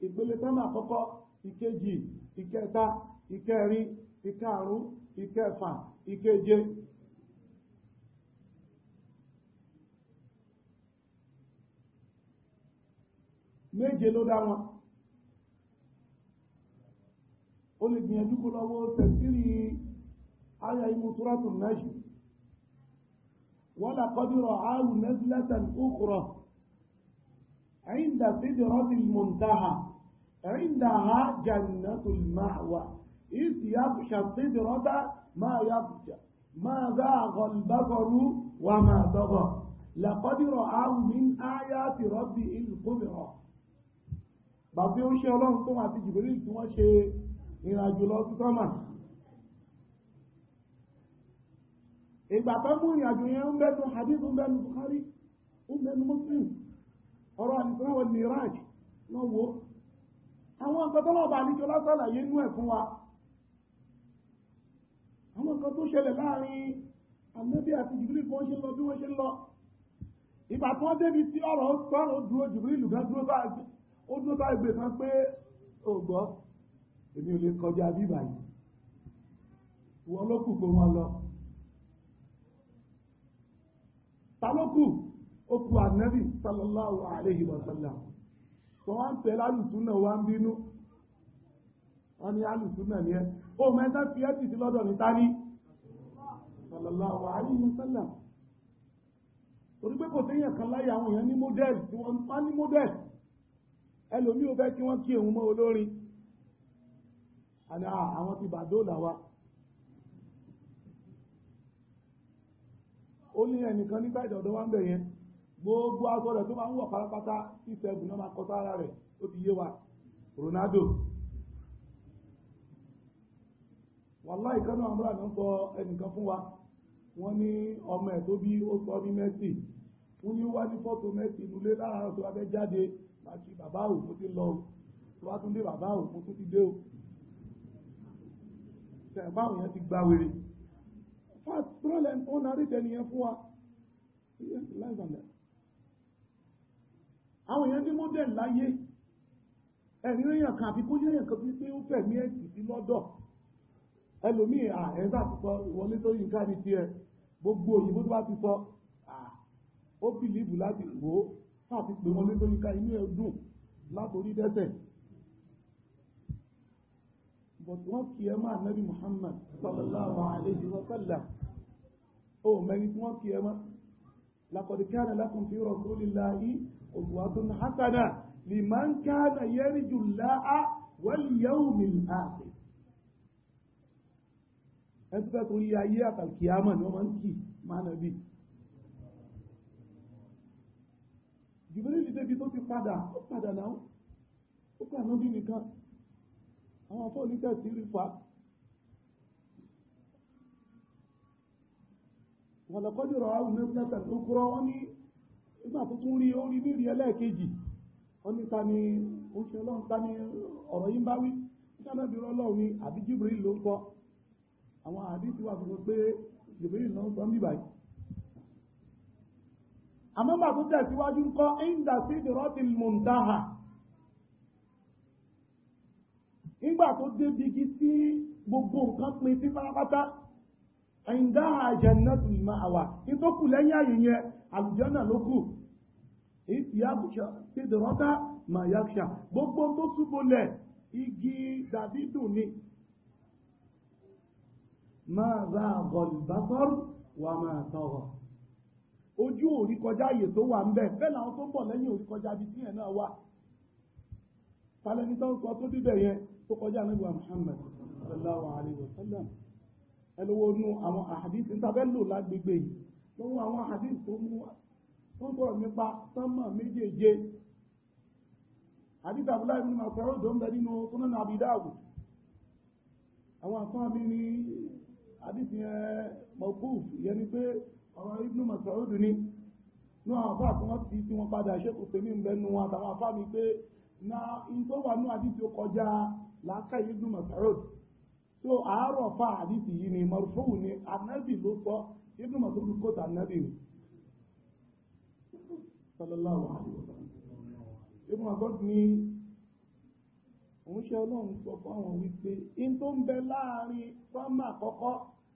ìpele sámà àkọ́kọ́ ìkejì ìkẹta ìkẹrin ìkarùn ìkẹfà ìkeje méje ló dá wọn. ó lè gbìyànjú kó lọ́wọ́ tẹ̀sírí ayà ìmúsúrátù náṣì wọ́n làkọ́dúrọ̀ ààrù nẹ́sílẹ́sẹ̀ òkúrọ̀ ẹ̀yìndà sídìrọ́tì mọ̀ntáhà ẹ̀yìndà ha jannatu máàwà ìsì yàbùṣà sídìrọ́tà máa yàbùṣà máa bá àgọ̀lbákọrú wà máa dọ́gọ̀ làkọ́dúrọ̀ ààrù ní áyà tìrọ́tì ìlú kúmìrọ̀ bàbá ó ṣe ọlọ́run tó àti jìbìrì tí wọ́n ṣe ìrìnàjò lọ sí sọ́mà ìgbà tó mú ìrìnàjò yẹn ń bẹ́nu hadith ń bẹ́nu Bukhari ń bẹ́nu Muslim ọ̀rọ̀ àdìsán wọn ní raj náà wo àwọn nǹkan tó lọ́ọ̀bà àlejò lásàlàyé inú ẹ̀ fún wa àwọn nǹkan tó ṣẹlẹ̀ láàrin ànábì àti Jibril kan ṣe lọ bí wọ́n ṣe lọ ìgbà tí wọ́n débi tí ọ̀rọ̀ sọ̀rọ̀ dúró Jibril lùgán dúró bá ẹgbẹ́ kan pé ògbọ́ èmi ò lè kọjá bíbà yìí wọ́n ló kù kó wọ́n lọ ta ló kù ó kù ànábì sallallahu alayhi wa sallam wọ́n wá ń tẹ̀lé alùsùnà wá ń bínú wọ́n ní alùsùnà ni ẹ́ ó mẹ́ta fi ẹ́ tìtì lọ́dọ̀ ní tání sallallahu alayhi wa sallam torí pé kò téèyàn kan láyé àwọn èèyàn ní mọ́dẹ́lì tí wọ́n ní mọ́dẹ́lì ẹlòmíì ò fẹ́ kí wọ́n kí èèyàn mọ́ olórin àná ah, àwọn ti bàdóòlà wa ó ní ẹnìkan nígbà ìdọ̀dọ̀ wa ń bẹ̀ yẹn gbogbo aṣọ rẹ̀ tó máa ń wọ̀ pátápátá tí sẹ́gun náà máa kọ sára rẹ̀ ó ti yé wa Ronaldo wàláì kánú àmúra náà sọ ẹnìkan fún wa wọ́n ní ọmọ ẹ̀ tó bí ó sọ ní Messi wọ́n ní wá ní fọ́tò Messi nulé lára ọ̀sẹ̀ wa fẹ́ jáde láti bàbá òun mo ti lọ o tó bá tún dé bàbá òun mo ti dé o sẹ̀gbá àwọn èèyàn ti gba wèrè fast problem ó narí tẹnìyàn fún wa àwọn èèyàn ní model láyé ẹ̀rí èèyàn kan àfi kó yéèyàn kan pé ó fẹ̀mí ẹ̀sìn sí lọ́dọ̀ ẹlòmíì à ẹ̀ńsà ti sọ ìwọlé tó yín káàdì tiẹ̀ gbogbo òyìnbó tó bá ti sọ ó bìlíìbù láti wò ó fún àti pè wọlé tó yín ká inú ẹ̀ dùn látòrí dẹ́sẹ̀ but wọ́n kì ẹ mọ́ ànábì Muhammad sallallahu alayhi wa sallam ó mẹ́rin tí wọ́n kì ẹ mọ́ laqad kana lakum fi rasulillahi uswatun hasanah liman kana yarju Allaha wal yawmil akhir ẹtí fẹ́ torí ayé àtàkìyámà ni wọ́n máa ń kì máa nà bí. Jibril débi tó ti padà ó padà náà ó kà náà nìkan àwọn fóònù tẹ̀sí rí fa wọ́n lọ́kọ́jú rọ̀ áwùn mẹ́rin tẹ̀sẹ̀ tó kúrọ́ wọ́n ní nígbà tó tún rí orí ní ìrí ẹlẹ́ẹ̀kejì wọ́n ní ta ni ó ṣe ọlọ́run ta ni ọ̀rọ̀ yìí bá wí nígbà náà bí nígbà tó débi igi tí gbogbo nǹkan pin sí pátápátá àyíndá àjẹnàtù ìmọ̀ àwà ní tó kù lẹ́yìn àyè yẹn àlùjànnà ló kù èyí àbùṣà tètè rọ́tà màyàkṣà gbogbo tó súnbọlẹ̀ igi dàbí dùn ni máa ra àgọ̀lùbásọ́rù wà máa tọrọ ojú òrí kọjá àyè tó wà ń bẹ bẹ́ẹ̀ làwọn tó bọ̀ lẹ́yìn òrí kọjá ibi tí náà wà. Falẹ́ni tó ń sọ tó dídẹ̀ yẹn tó kọjá nígbà Muhammad sallallahu alayhi wa sallam ẹlọ́wọ́ nú àwọn àhàdìsì ń tàbẹ́ lò lágbègbè yìí lọ́wọ́ àwọn àhàdìsì tó mú tó ń sọ̀rọ̀ nípa sánmà méjèèje àdìsì Abdullahi ibn Mas'ud ọ̀dọ́ ń bẹ nínú Sunan Abi Dawud àwọn àfáà mi ní àdìsì yẹn mọ̀kúf ìyẹn ni pé ọ̀rọ̀ Ibn Mas'ud ni nú àwọn àfáà tí wọ́n ti tí wọ́n padà ṣe kò tèmi ń bẹnu àtàwọn àfáà mi pé na ìtọ́wà nú àdìsì ó kọjá láàkà ibn Mas'ud so àárọ̀ fa àdìsí yìí ni marfu ni anabi ló sọ ibn Mas'ud kò tà anabi ni sallallahu alayhi wa ni òun ṣe ọlọ́run sọ fún àwọn wípé in tó ń bẹ láàrin sánmà àkọ́kọ́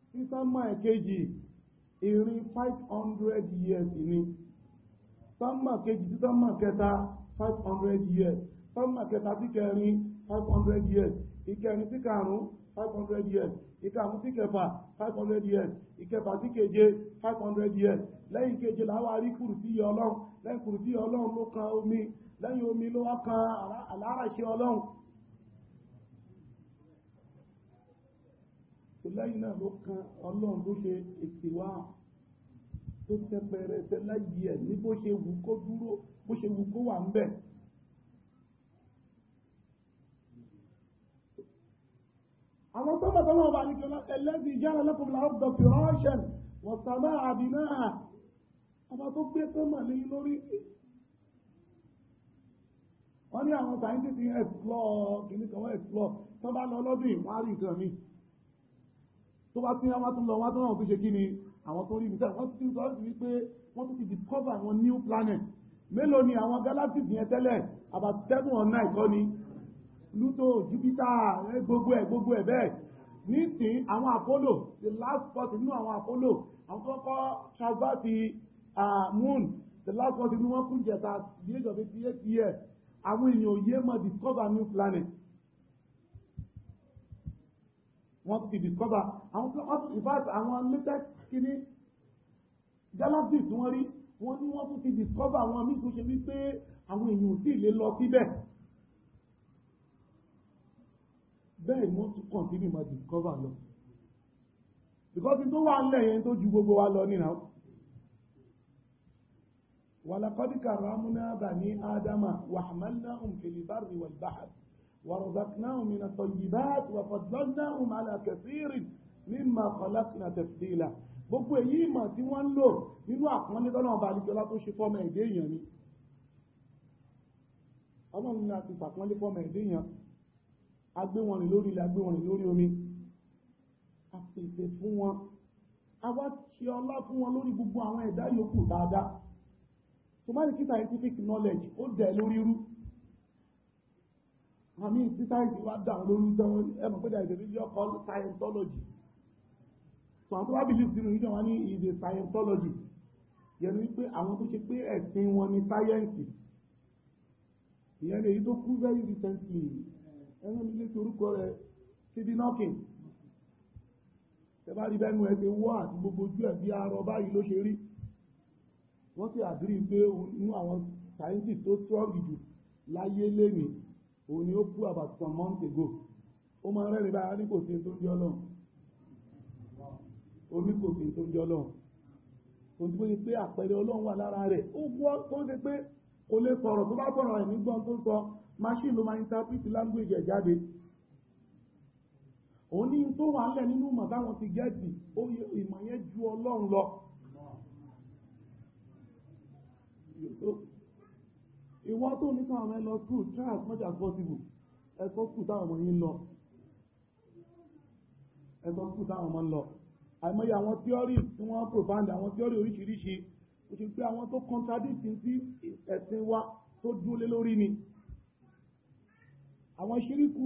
sí sánmà ẹ̀kejì ìrìn five hundred years ni sánmà kejì sí sánmà kẹta five hundred years sánmà kẹta sí kẹrin five hundred years ìkẹrin sí karùn-ún five hundred years ìkarùn-ún sí kẹfà five hundred years ìkẹfà sí keje five hundred years lẹ́yìn keje làwọn arí kùrùsí yọ ọlọ́run lẹ́yìn kùrùsí yọ ọlọ́run ló kan omi lẹ́yìn omi ló wá kan àláràṣẹ ọlọ́run lẹ́yìn náà ló kan ọlọ́run ló ṣe ìsìwá tó tẹpẹrẹ tẹ láyé ẹ̀ ní bó ṣe wù kó dúró bó ṣe wù kó wà ń bẹ̀. àwọn sọ́mọ̀ sọ́mọ̀ ọba ní kíọ́lá ẹlẹ́sìn ìjára lẹ́kùn láàbùdọ̀ fìrọ́ṣẹ̀n wọ̀ sàmà àbínà ọba tó gbé sọ́mọ̀ lé lórí wọ́n ní àwọn sàyẹ́ntìtì ẹ̀sìlọ́ kìíní kan wọ́n ẹ̀sìlọ́ tó bá lọ lọ́dún ìwọ́n á rí nǹkan mi tó bá tún yá wá tún lọ wá tún náà fi ṣe kí ni àwọn tó rí ibi tẹ́lẹ̀ wọ́n ti sọ ọ́ sí wípé wọ́n tún ti discover àwọn new planet mélòó ni àwọn galaxies yẹn tẹ́lẹ̀ about seven or nine kọ́ ni Pluto, Jupiter, gbogbo ẹ̀ gbogbo ẹ̀ bẹ́ẹ̀. Nísìn àwọn Apollo, the last spot nínú àwọn Apollo, àwọn tó kọ́ Traverse Moon, the last spot nínú wọn kún jẹta the age of eighty eight years. Àwọn èèyàn òye mọ̀ discover new planet. Wọ́n ti discover àwọn tó wọ́n in fact àwọn latest kìíní galaxy tí wọ́n rí wọ́n ní wọ́n tún ti discover àwọn míì tó ṣe wípé àwọn èèyàn ò tí ì lè lọ síbẹ̀. bẹ́ẹ̀ ni wọ́n tún continue máa discover lọ because tó wà nílẹ̀ yẹn tó ju gbogbo wa lọ nínú ولقد كرمنا بني آدم وحملناهم في البر والبحر ورزقناهم من الطيبات وفضلناهم على كثير مما خلقنا تفضيلا gbogbo èyí ìmọ̀ tí wọ́n ń lò nínú àpọ́nlé tọ́lọ́ ọba àdìjọlá tó ṣe fọ́mọ ẹ̀dẹ́ èèyàn ni ọlọ́run ni a ti ṣàpọ́nlé fọ́mọ ẹ̀dẹ́ èèyàn agbé wọn rìn lórí ilẹ̀ agbé wọn rìn lórí omi àpèsè fún wọn àwa ṣe ọlá fún wọn lórí gbogbo àwọn ẹ̀dá yòókù dáadáa somali kí scientific knowledge ó dẹ̀ lórí irú àmì tí sáyẹ̀nsì wá dà lórí ìdánwò ẹ̀mọ pé dà ìdèmí yọ kọ́ scientology so àwọn tó bá believe sínú yìí náà wá ní ìdè scientology yẹnu wípé àwọn tó ṣe pé ẹ̀sìn wọn ni sáyẹ̀nsì ìyẹn lè yí tó kú very recently ẹnu mi létí orúkọ rẹ̀ síbi knocking tẹ́bá rí bẹ́nu ẹ̀ pé wọ́ àti gbogbo ojú ẹ̀ bí arọ báyìí ló ṣe rí wọ́n sì àdírí pé inú àwọn sáyẹ́ǹsì tó strong jù láyé lẹ́nu òun ni ó kú about some months ago ó máa ń rẹ́rìn báyìí kò sí tó ń jẹ́ ọlọ́run omi kò sí tó ń jẹ́ ọlọ́run kò sí pé pé àpẹẹrẹ ọlọ́run wà lára rẹ̀ ó gbọ́ tó ṣe pé kò lè sọ̀rọ̀ tó bá sọ̀rọ̀ ẹ̀ nígbọ́n tó sọ machine ló máa interpret language ẹ̀ jáde òun ní tó wà ń lẹ̀ nínú ìmọ̀ táwọn ti gẹ́ẹ̀tì ó yẹ ìmọ̀ yẹn ju ọlọ́run lọ ìwọ tó ní káwọn ọmọ ẹ lọ school try as much as possible ẹ̀kọ́ school táwọn ọmọ yín lọ ẹ̀kọ́ school táwọn ọmọ lọ àìmọye àwọn theory tí wọ́n profound àwọn theory oríṣiríṣi kò sì pé àwọn tó contradict sí ẹ̀sìn wa tó dúró lé lórí ni àwọn ṣíríkù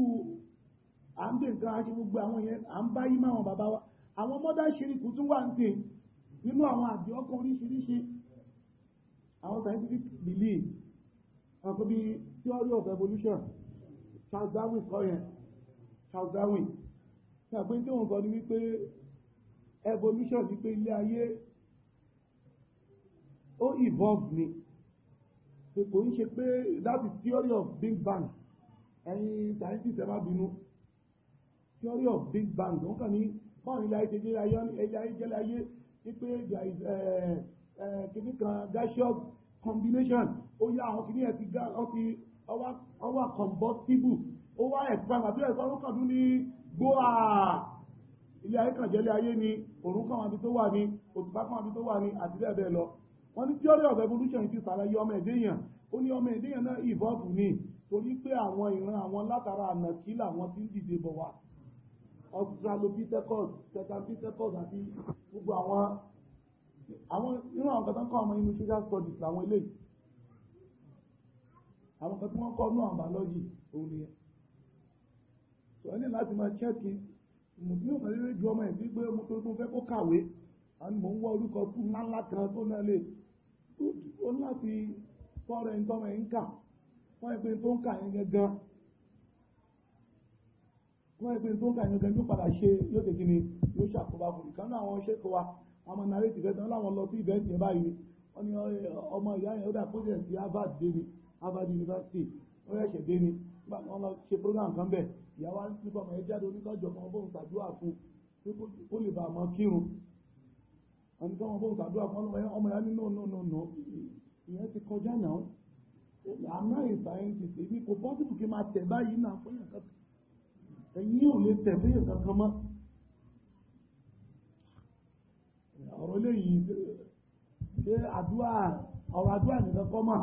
à ń bè nǹkan àti gbogbo àwọn yẹn à ń báyìí máa wọn bàbá wa àwọn mọ́dá ṣíríkù tún wà ń tè nínú àwọn àbí ọkọ̀ oríṣiríṣi àwọn scientific belief wọn kò theory of evolution Charles Darwin sọ yẹn Charles Darwin ṣàgbé tí òun sọ ni wípé evolution ni pé ilé ayé ó evolve ni kò ń ṣe pé that is theory of Big Bang ẹ̀yin scientist ẹ má bínú theory of big bang wọ́n kàn ní bọ́ọ̀n ilé ayé ti dé ayé ilé ayé jẹ́ láyé wípé there is eh, eh, kìíní kan gaseous combination ó yá àwọn kìíní ẹ̀ ti ga ọwà combustible ó wá ẹ̀fà àbí ẹ̀fà ló kàn tún ní gbóà ilé ayé kan jẹ́lé ayé ni òrùn kan àbí tó wà ní òtùpá kan àbí tó wà ní àti bẹ́ẹ̀ bẹ́ẹ̀ lọ wọ́n ní theory of evolution ti sàlàyé ọmọ ẹ̀dẹ́yàn ó ní ọmọ ẹ̀dẹ́yàn náà evolve ni torí pé àwọn ìran àwọn látara ànàkí làwọn ti ń dìde bọ̀ wá australopithecus tetrapithecus àti gbogbo àwọn àwọn irú àwọn kan tó ń kọ́ ọmọ inú social studies làwọn eléyìí àwọn kan tí wọ́n kọ́ náà biology òun nìyẹn sọ ẹni láti máa chẹ́ẹ̀kì mùsùlùmí kan lérè ju ọmọ ẹ̀ sí pé mo tó tún fẹ́ kó kàwé àni mò ń wá orúkọ fún ńláńlá kan tó náà lè ó láti fọ́ọ̀rẹ́ ń tọ́mọ ẹ̀ ń kà wọ́n yẹ pé tó ń kà yẹn gangan wọ́n yẹ pé tó ń kà yẹn gangan yóò padà ṣe yóò tètè ní yóò ṣàkóbá fún ìkan náà àwọn iṣẹ́ tó wa wọn máa nàrètì fẹ́ tán láwọn lọ sí ibẹ̀ ń jẹ báyìí wọ́n ní ọmọ ìyá yẹn ó dà kó jẹ̀ sí Harvard dé ni Harvard University ó yẹ̀ṣẹ̀ dé ni nígbà tí wọ́n lọ ṣe program kan bẹ̀ ìyá wa ń sípò ọmọ yẹn jáde oníkàjọ ọmọ bóun ṣàdúrà fún ó lè bá ọmọ kírun àti tí bóun ṣàdúrà fún ọmọ yẹn ọmọ yẹn ní no no no no ìyẹn ti kọjá náà I'm not a scientist èmi kò possible kí n máa tẹ̀ báyìí náà fún yàn kankan ẹ̀yin ò lè tẹ̀ fún yàn kankan mọ́ ọ̀rọ̀ lẹ́yìn ṣe àdúrà ọ̀rọ̀ àdúrà nìkan kọ́ mà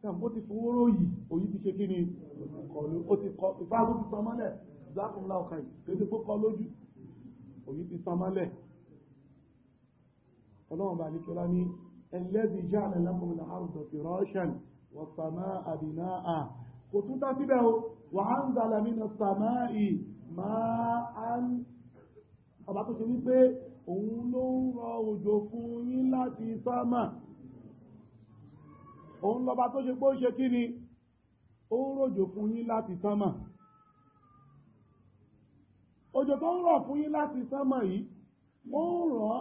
kàn ó ti fowóró yìí òyìn ti ṣe kí ni kọlu ó ti kọ ìfáàgó ti san mọ́lẹ̀ lákùnlá ọ̀ka yìí kéde pé kọ lójú òyìn ti san ọlọ́run bá ní kí ọlá ní الذي جعل لكم الأرض فراشا والسماء بناء قلت تبعه وأنزل من السماء ماء ọba tó ṣe wípé òun ló ń rọ òjò fún yín láti sámà òun lọba tó ṣe pé ó ṣe kí ni ó ń rọ̀jò fún yín láti sámà òjò tó ń rọ̀ fún yín láti sámà yìí wọ́n ń rọ̀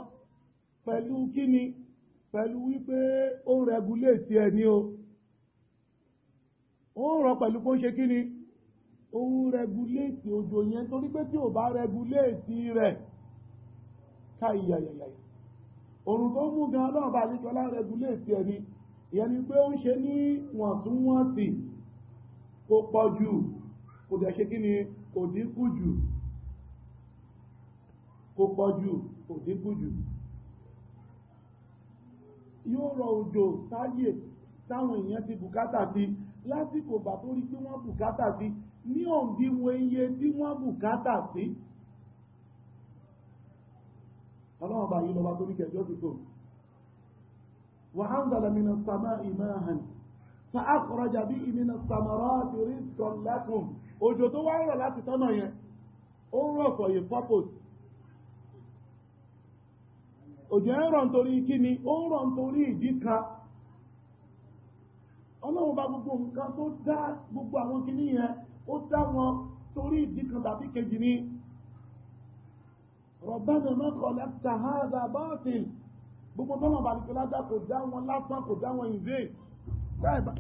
pẹ̀lú kí ni pẹ̀lú wípé ó ń rẹguléètì ẹ̀ o ó ń rọ pẹ̀lú kó ṣe kí ni ó ń rẹguléètì òjò yẹn torí pé tí ò bá rẹguléètì rẹ̀ ká ìyàyàyà òrùn tó mú gan ọlọ́run bá àlejò ọlá rẹguléètì ẹ̀ ní ìyẹn ni pé ó ń ṣe ní wọ̀ntúnwọ̀ntì kò pọ̀ jù kò dẹ̀ ṣe kí ni kò dínkù jù kò pọ̀ jù kò dínkù jù yóò rọ òjò sáyè táwọn èèyàn ti bùkátà sí lásìkò bá tó rí pé wọ́n bùkátà sí ní òǹdíwọ̀n iye tí wọ́n bùkátà sí ọlọ́run bá yí lọ́ba tó kẹjọ́ ti tó وأنزل من السماء ماء فأخرج به من الثمرات رزقا لكم òjò tó wá ń rọ̀ láti sánmà yẹn ó rọ̀ for purpose òjò ń rọ̀ nítorí kí ni ó ń rọ̀ nítorí ìdí kan ọlọ́run bá gbogbo nǹkan tó dá gbogbo àwọn kìíní yẹn ó dá wọn torí ìdí kan tàbí kejì ni rọ̀bánà mọ́kọ̀ lẹ́ta hádà bọ́ọ̀tìl gbogbo tọ́nà bàlùkù ládà kò dá wọn lásán kò dá wọn ìwé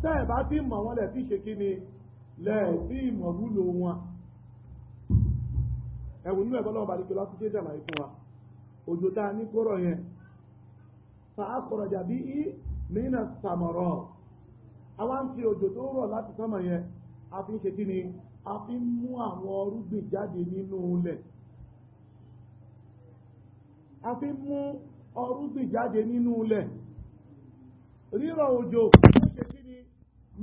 tẹ́ẹ̀ bá bí mọ̀ wọn lẹ́ẹ̀fí ṣe kí ni lẹ́ẹ̀fí ìmọ̀ wúlò wọn ẹ̀wùn nínú ẹ̀kọ́ lọ́wọ́ bàlùkù lásán jẹ́ jàmàlì fún wa òjò tá a ní kóró yẹn fa akọrọjà bí i nínà sàmọrọ àwa ń fi òjò tó rọ̀ láti sánmà yẹn a fi ń ṣe kí ni a fi ń mú àwọn ọrúgbìn jáde nínú ilẹ̀ a fi ń mú ọrúgbìn jáde nínú ilẹ̀ rírọ̀ òjò ṣe kí ni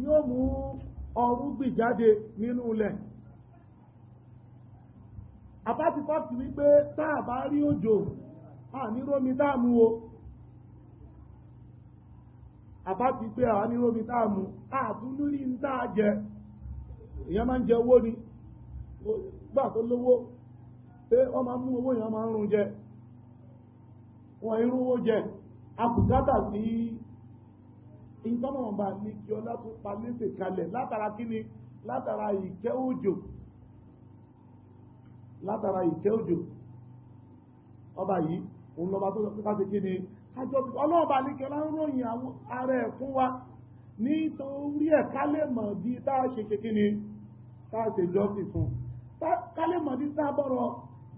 yóò mú ọrúgbìn jáde nínú ilẹ̀ àbá ti fọ́ọ̀tì wípé tá a bá rí òjò taa mu o àbá ti pé ànírómi táàmù mi ń mu a jẹ èèyàn máa ń jẹ owó ni gbà tó lówó pé wọ́n máa ń mú owó èèyàn máa ń jẹ wọ́n irúwó jẹ àbùkátà sí ìtọ́mọ̀mọ̀bà ní kí ọlá tó pa lẹ́sẹ̀ kalẹ̀ látara kíni látara ìkẹ́ òjò látara ìkẹ́ ọba yìí òun lọ́ba tó ká ṣe kí ni kájọ́ ti ọlọ́ọ̀bà ní kí ọlá ń ròyìn àwọn ara ẹ̀ fún wa nítorí ẹ̀ ká lè mọ̀ bí tá a ṣe ṣe kí ni tá a ṣe jọ́sìn fún ká lè mọ̀ bí tá bọ̀rọ̀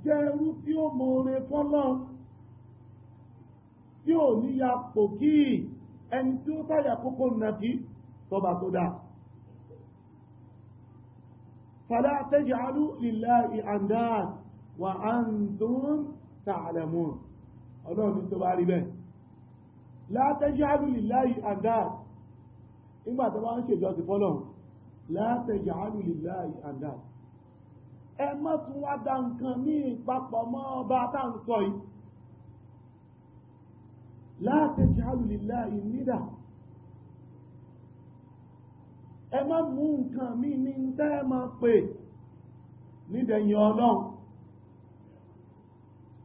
jẹ́ irú tí ó mọ oore fọ́lọ́run tí ò ní ya pò kí ẹni tí ó táyà kókó nàkí tọba tó dáa fàlá taj'alu lillahi àndá wa antum ta'lamun ọlọ́run ní tó bá rí bẹ́ẹ̀ látẹ́jú àdúlì láyé àdáà nígbà bá ń ṣèjọsìn fọ́lọ́run látẹ́jú àdúlì láyé ẹ tún wá da nǹkan ní ìpapọ̀ mọ́ ọba tá ń sọ yìí látẹ́jú àdúlì láyé nídà ẹ má mú nǹkan mi ní tẹ́ máa pè nídẹ̀yìn ọlọ́run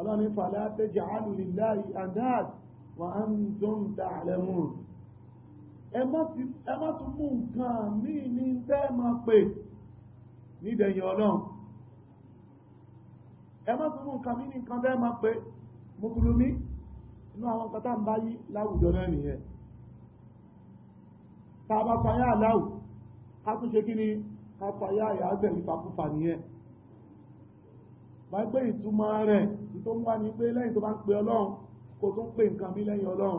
ọlọ́ni fàlá tẹ́jà alùlìláì àdáàd wà ń tó ń ta àlẹ́mù ẹ má tún mú nǹkan mí ní tẹ́ máa pè nídẹ̀yìn ọlọ́run ẹ má tún mú nǹkan mí ní nǹkan tẹ́ máa pè mùsùlùmí inú àwọn nǹkan tá ń bá yí láwùjọ náà nìyẹn tá a bá fayá aláwù ká tún ṣe kí ni ká fayá ìyá àgbẹ̀ ìfàkúfà nìyẹn wáyé ìtumọ̀ rẹ̀ tó ń wá ní pé lẹ́yìn tó bá ń pe ọlọ́run kó tún pe nǹkan bí lẹ́yìn ọlọ́run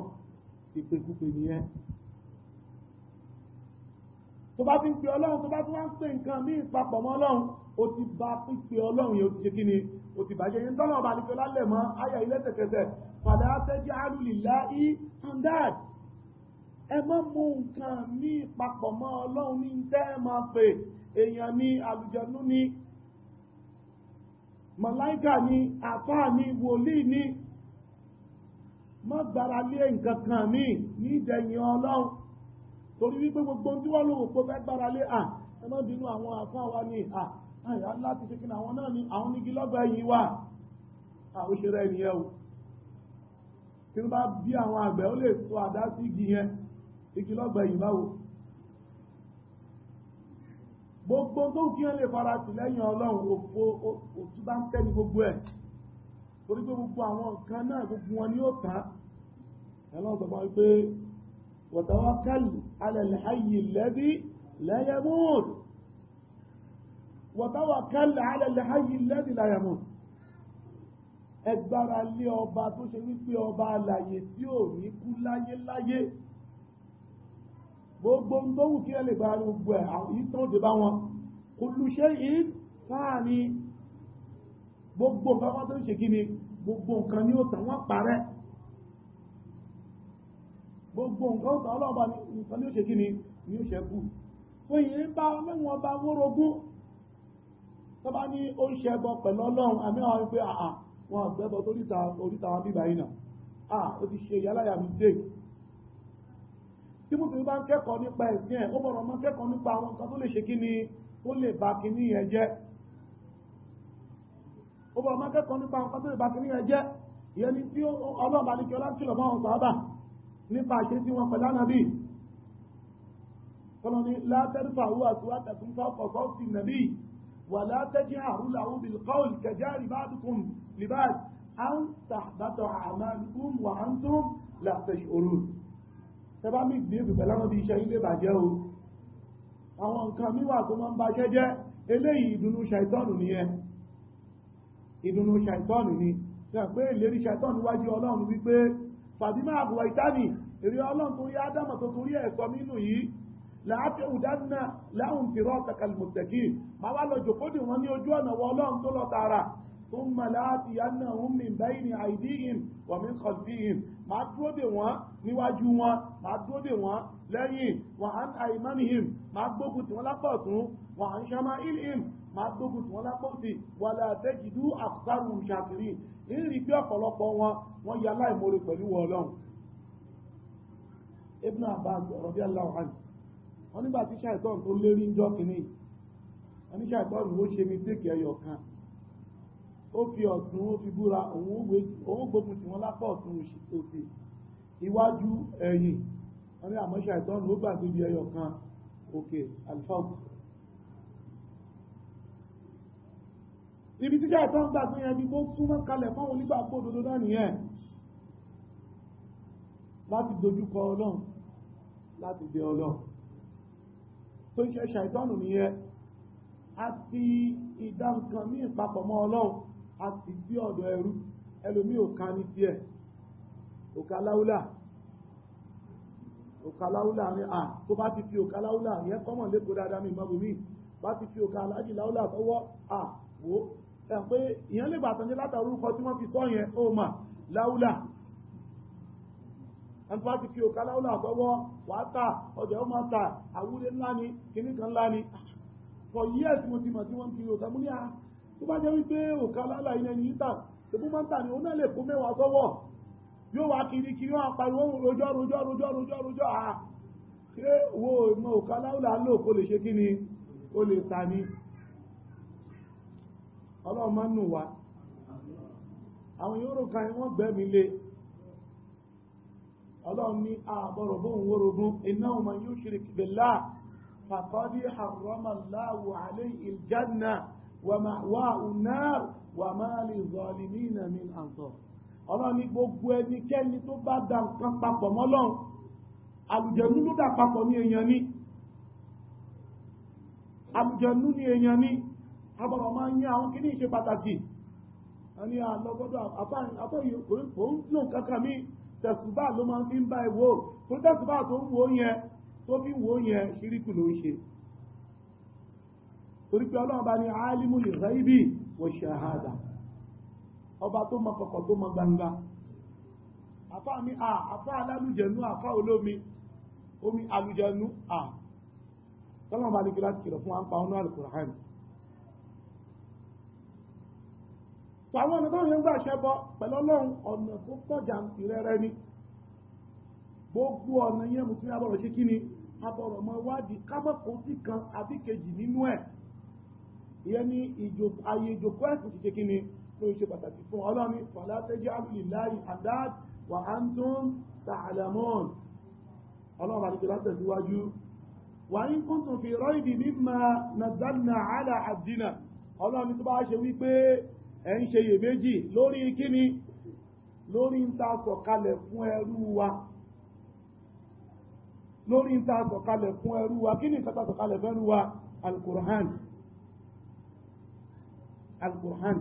ìpèkúpè nìyẹn tó bá fi ń pe ọlọ́run tó bá tún wá ń pe nǹkan bí ìpapọ̀ mọ́ ọlọ́run ó ti bá pípe ọlọ́run yẹn ó ti ṣe kí ni ó ti bàjẹ́ yẹn tọ́lọ́ ọba nìkan lálẹ́ mọ́ ayà ilé tẹ̀kẹsẹ̀ fàdà àtẹ́jẹ́ àrùlìlá i andad ẹ má mú nǹkan mí papọ̀ mọ́ ọlọ́run ní tẹ́ máa pè èèyàn ní àlùjànnú ní màláìkà ni àfá ni wòlíì ni má gbára lé nǹkan kan mi ní ìdẹ̀yìn ọlọ́run torí wípé gbogbo tí wọ́n lòwò pé fẹ́ gbára lé à ẹ bínú àwọn àfá wa ni à àyà láti ṣe kíni àwọn náà ni àwọn nígi lọ́gbẹ̀ẹ́ yìí wà àwọn òṣèré ènìyàn o tí wọ́n bá bí àwọn àgbẹ̀ ó lè so àdá sí igi yẹn igi lọ́gbẹ̀ẹ́ yìí báwo gbogbo tó kí wọ́n lè fara sí lẹ́yìn ọlọ́run òtú bá ń tẹ́ ní gbogbo ẹ̀ torí pé gbogbo àwọn nǹkan náà gbogbo wọn ni ó tán ẹlọ́run sọ fún pé watawakkal ala al-hayy alladhi la yamut watawakkal ala al-hayy alladhi la lé ọba tó ṣe wípé ọba alàyè tí ò ní kú láyé. láyé gbogbo ń tó wù kí ẹ lè bá gbogbo ẹ̀ yìí tán ti bá wọn kullu shay'in fani gbogbo nǹkan wọn tó ń ṣe kí ni gbogbo nǹkan ni ó tàn wọ́n parẹ́ gbogbo nǹkan ọ̀tà ọlọ́ọ̀bá nǹkan ni ó ṣe kí ni ni ó ṣe kú fún ìyẹn bá ọlọ́wọ́n bá wórogún tó bá ní ó ń ṣẹbọ pẹ̀lú ọlọ́run àmì àwọn wípé àà wọn àgbẹ̀bọ tó ríta oríta wọn bíbá yìí náà tí mùsùlùmí bá ń kẹ́kọ̀ọ́ nípa ẹ̀sìn ẹ̀ ó bọ̀rọ̀ mọ́ kẹ́kọ̀ọ́ nípa àwọn nǹkan tó lè ṣe kí ni ó lè ba kìíní yẹn jẹ́ ó bọ̀rọ̀ mọ́ kẹ́kọ̀ọ́ nípa àwọn nǹkan tó lè ba kìíní yẹn jẹ́ ìyẹn ni tí ọlọ́run bá ní kí ọlá ń kìlọ̀ máwọn sàábà nípa àṣẹ tí wọn pẹ̀lú ànábì tọ́lọ ni látẹ́rìfà owó àtiwá tẹ̀kún fọ́kọ̀ sọ́ọ̀sì nàbí wà látẹ́jì àrùn làwọn bilkọ́ọ̀lì kẹjáàrì bá dùkùn libáàdì à ń tàbátọ̀ àmàlùkùn wà á ń tún látẹ̀ṣ tẹ́bá mix ní èsù pẹ̀lú àwọn ibi iṣẹ́ ilé bàjẹ́ o àwọn nǹkan míwà tó máa ń bàjẹ́ jẹ́ eléyìí ìdùnnú ṣàìtọ́nù nìyẹn ìdùnnú ṣàìtọ́nù ni ṣe pé ìlérí ṣàìtọ́nù wájú ọlọ́run wípé fàdímà àbúwà ìtánì èrè ọlọ́run torí ádámà tó torí ẹ̀sọ́ nínú yìí láàfin ìdáná láhùn tìrọ ọ̀tàkàlùmọ̀tẹ̀kì máa wá lọ jòkó ثم لآتينهم من بين أيديهم ومن خلفهم màá dúró dè wọ́n níwájú wọn màá dúró dè wọ́n lẹ́yìn wọ́n à ń àìmánihìm màá gbógun tì wọ́n lápá ọ̀tún wọ́n à ń ṣàmá ilhìm màá gbógun tì wọ́n lápá òsì wàlà àtẹ́jìdú àkùsàrù ṣàkìrì ìrì bí ọ̀pọ̀lọpọ̀ wọn wọ́n ya láìmoore pẹ̀lú wọn ọlọ́run. Ibn Abbas radiyallahu anhu wọn nígbà tí ṣàìtọ́n tó lérí ń jọ́ kínní wọn ní ṣàìtọ́n ló ṣe mi tẹ́kì ẹyọ kan ó fi ọ̀tún ó fi búra òun gbógun tí wọ́n lápá ọ̀tún òsì iwájú ẹ̀yìn wọ́n ní àmọ́ṣà ìtọ́nù ó gbàgbé bí ẹyọ kan òkè alifáàkù ibi tí jáì tán gbàgbé yẹn bí tó súnmọ́ kalẹ̀ fáwọn onígbàgbọ́ òdodo náà nìyẹn láti dojúkọ ọlọ́run láti dé ọlọ́run tó ń ṣe ṣàìtọ́nù nìyẹn àti ìdá nǹkan ní ìpapọ̀ mọ́ ọlọ́run a sì sí ọ̀dọ̀ ẹrú ẹlòmí òka ní tiẹ̀ òka láúlà òka láúlà ní à tó bá ti fi òka láúlà yẹn kọ́mọ̀ lẹ́kọ̀ọ́ dáadáa mi mọ́bù mi bá ti fi òka aláàjì láúlà sọ́wọ́ à wò ẹ̀ pé ìyẹn lè bàtàn jẹ́ látàrí orúkọ tí wọ́n fi sọ yẹn ó mà láúlà ẹni bá ti fi òka láúlà sọ́wọ́ wàá tà ọjà ó máa tà àwúrẹ́ ńlá ni kìnnìkan ńlá ni for years mo ti mọ̀ tí wọ́n ń kiri mú ní à tó bá jẹ́ wípé òkà lálà ilẹ̀ ní ìta tòbú máa ń tà ní òun náà lè kó mẹ́wàá sọ́wọ́ yóò wá kiri kiri wọn pariwo rojọ́ rojọ́ rojọ́ rojọ́ rojọ́ à ṣé wo ìmọ̀ òkà lálà lò kó lè ṣe kí ni ó lè ta ni ọlọ́run máa ń nù wá àwọn yóò kan wọ́n gbẹ̀mí lé ọlọ́run ní àbọ̀rọ̀ bóun wórogún iná man yushrik billah faqad harrama Allahu alayhi al-janna ومأواه النار وما للظالمين من أنصار ọlọ́run ní gbogbo ẹnikẹ́ni tó bá da nǹkan papọ̀ mọ́lọ́run àlùjẹ̀nú ló dà papọ̀ ní èèyàn ní àlùjẹ̀nú ní èèyàn ní abọ̀rọ̀ máa ń yẹ àwọn kìíní ṣe pàtàkì ẹni àlọ́gbọ́dọ̀ àfáàyè òun lò kankan mi tẹ̀sùbà ló máa fi ń bá ẹ wò tó tẹ̀sùbà tó ń wò yẹn tó fi wò yẹn ṣíríkù ló ń ṣe torí pé ọlọ́run bá ní alimul ghaibi wa shahada ọba tó mọ kọ̀kọ̀ tó mọ gbangba àfa mi à àfa alálùjẹ̀nu àfa olómi omi alùjẹ̀nu à tọ́lọ́run bá ní kí láti kìlọ̀ fún wa ń pa ọ́nà alukur'an tàwọn ọ̀nà táwọn yẹn gbà ṣẹbọ pẹ̀lú ọlọ́run ọ̀nà tó kọjá ń ti rẹ́rẹ́ ni gbogbo ọ̀nà yẹn mùsùlùmí abọ̀rọ̀ ṣe kí ni abọ̀rọ̀ mọ wádìí kámọ́kòtì kan àbí kejì nínú ẹ̀ ìyẹn ní ayé ìjòkó ẹ̀sìn ti ṣe kí ni ló ṣe pàtàkì fún ọlọ́ni fala taj'alu lillahi andad wa antum ta'lamun ọlọ́run àti ìjọba tẹ̀síwájú wa in kuntum fi raybin mimma nazzalna ala abdina ọlọ́ni tó bá ṣe wípé ẹ̀ ń ṣe iyèméjì lórí kíni lórí ń ta sọ̀kalẹ̀ fún ẹrú wa lórí ń ta sọ̀kalẹ̀ fún ẹrú wa kíni ń ta sọ̀kalẹ̀ fún ẹrú wa al القرآن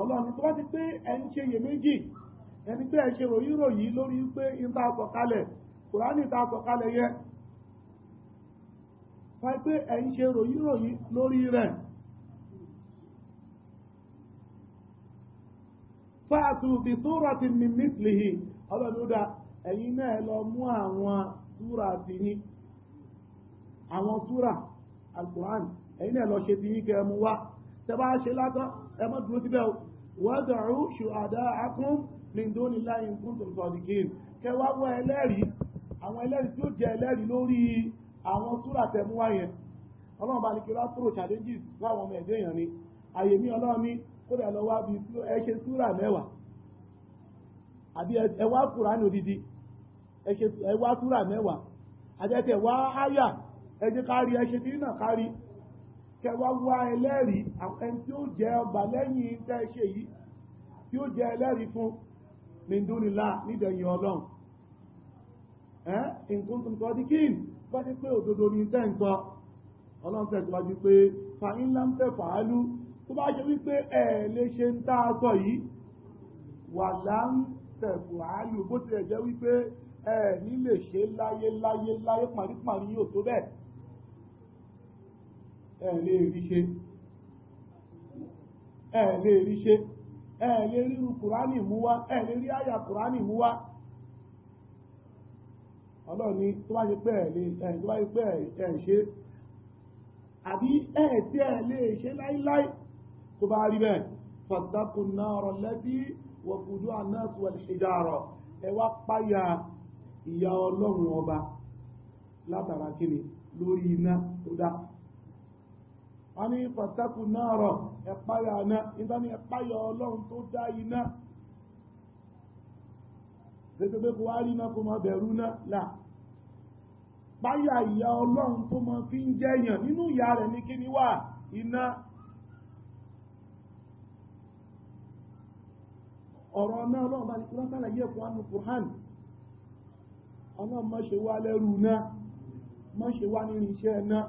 ọlọ́run tó wá ti pé ẹni ṣe iyèméjì ẹni pé ẹ̀ṣẹ̀ ròyìnròyìn lórí pé ìta àkọ̀kalẹ̀ kùránì sọ kalẹ̀ yẹ wáyé pé ẹ̀yin ṣe ròyìnròyìn lórí rẹ̀ fáàtù bí súrọ̀tì ní mìtìlìhì ọlọ́run ó dá ẹ̀yin náà lọ mú àwọn àwọn súrà alukur'an ẹ̀yin náà lọ ṣe bí kẹ́ ẹ mú wá tẹ́ bá ṣe látọ́ ẹ mọ́ dúró síbẹ̀ wad'u shuhada'akum min dunillahi in kuntum sadiqin kẹ́ wá wọ ẹlẹ́rìí àwọn ẹlẹ́rìí tí ó jẹ́ ẹlẹ́rìí lórí àwọn súrà tẹ́ mú ẹ jẹ́ ká rí ẹṣẹ́ kìíní náà ká rí kẹwa wá ẹlẹ́rìí ẹni tí ó jẹ́ ọgbà lẹ́yìn tẹ́ ṣe yìí tí ó jẹ́ ẹlẹ́rìí fún mindunila nídẹ̀yìn ọlọ́run ẹ́ nǹkan tó ń sọ di kíìn bá ti pé òdodo ní tẹ́ ń sọ ọlọ́run tẹ̀síwájú pé fàyín ńlá ń tẹ̀ fàálù tó bá ṣe wípé ẹ̀ lè ṣe ń tá a sọ yìí wà láń fàálù bó tilẹ̀ jẹ́ wípé ẹ̀ ní lè ṣe láyé láyé láyé pàrípàrí yóò tó bẹ́ẹ̀ ẹ̀ lè rí ṣe ẹ̀ lè rí ṣe ẹ̀ lè rí kùránì mú wá ẹ̀ lè rí àyà kùránì mú wá ọlọ́run ni tó bá ṣe pé ẹ̀ lè ẹ̀ tó bá ṣe pé ẹ̀ ṣe àbí ẹ̀ tí ẹ̀ lè ṣe láíláí tó bá rí bẹ́ẹ̀ fọ̀tàkùn náà rọ̀ lẹ́bí wọ̀kùdú ànáàtù lórí iná tó dá a ní pàtàkù náà rọ̀ ẹ̀páyà náà níta ní ẹ̀páyà ọlọ́run tó dá iná tètè pé wá rí iná kó máa bẹ̀rù náà là páyà ìyá ọlọ́run tó máa fi ń jẹyàn nínú ìyá rẹ̀ ní ni wà iná ọ̀rọ̀ náà ọlọ́run bá ní kí wọ́n ọlọ́run ṣe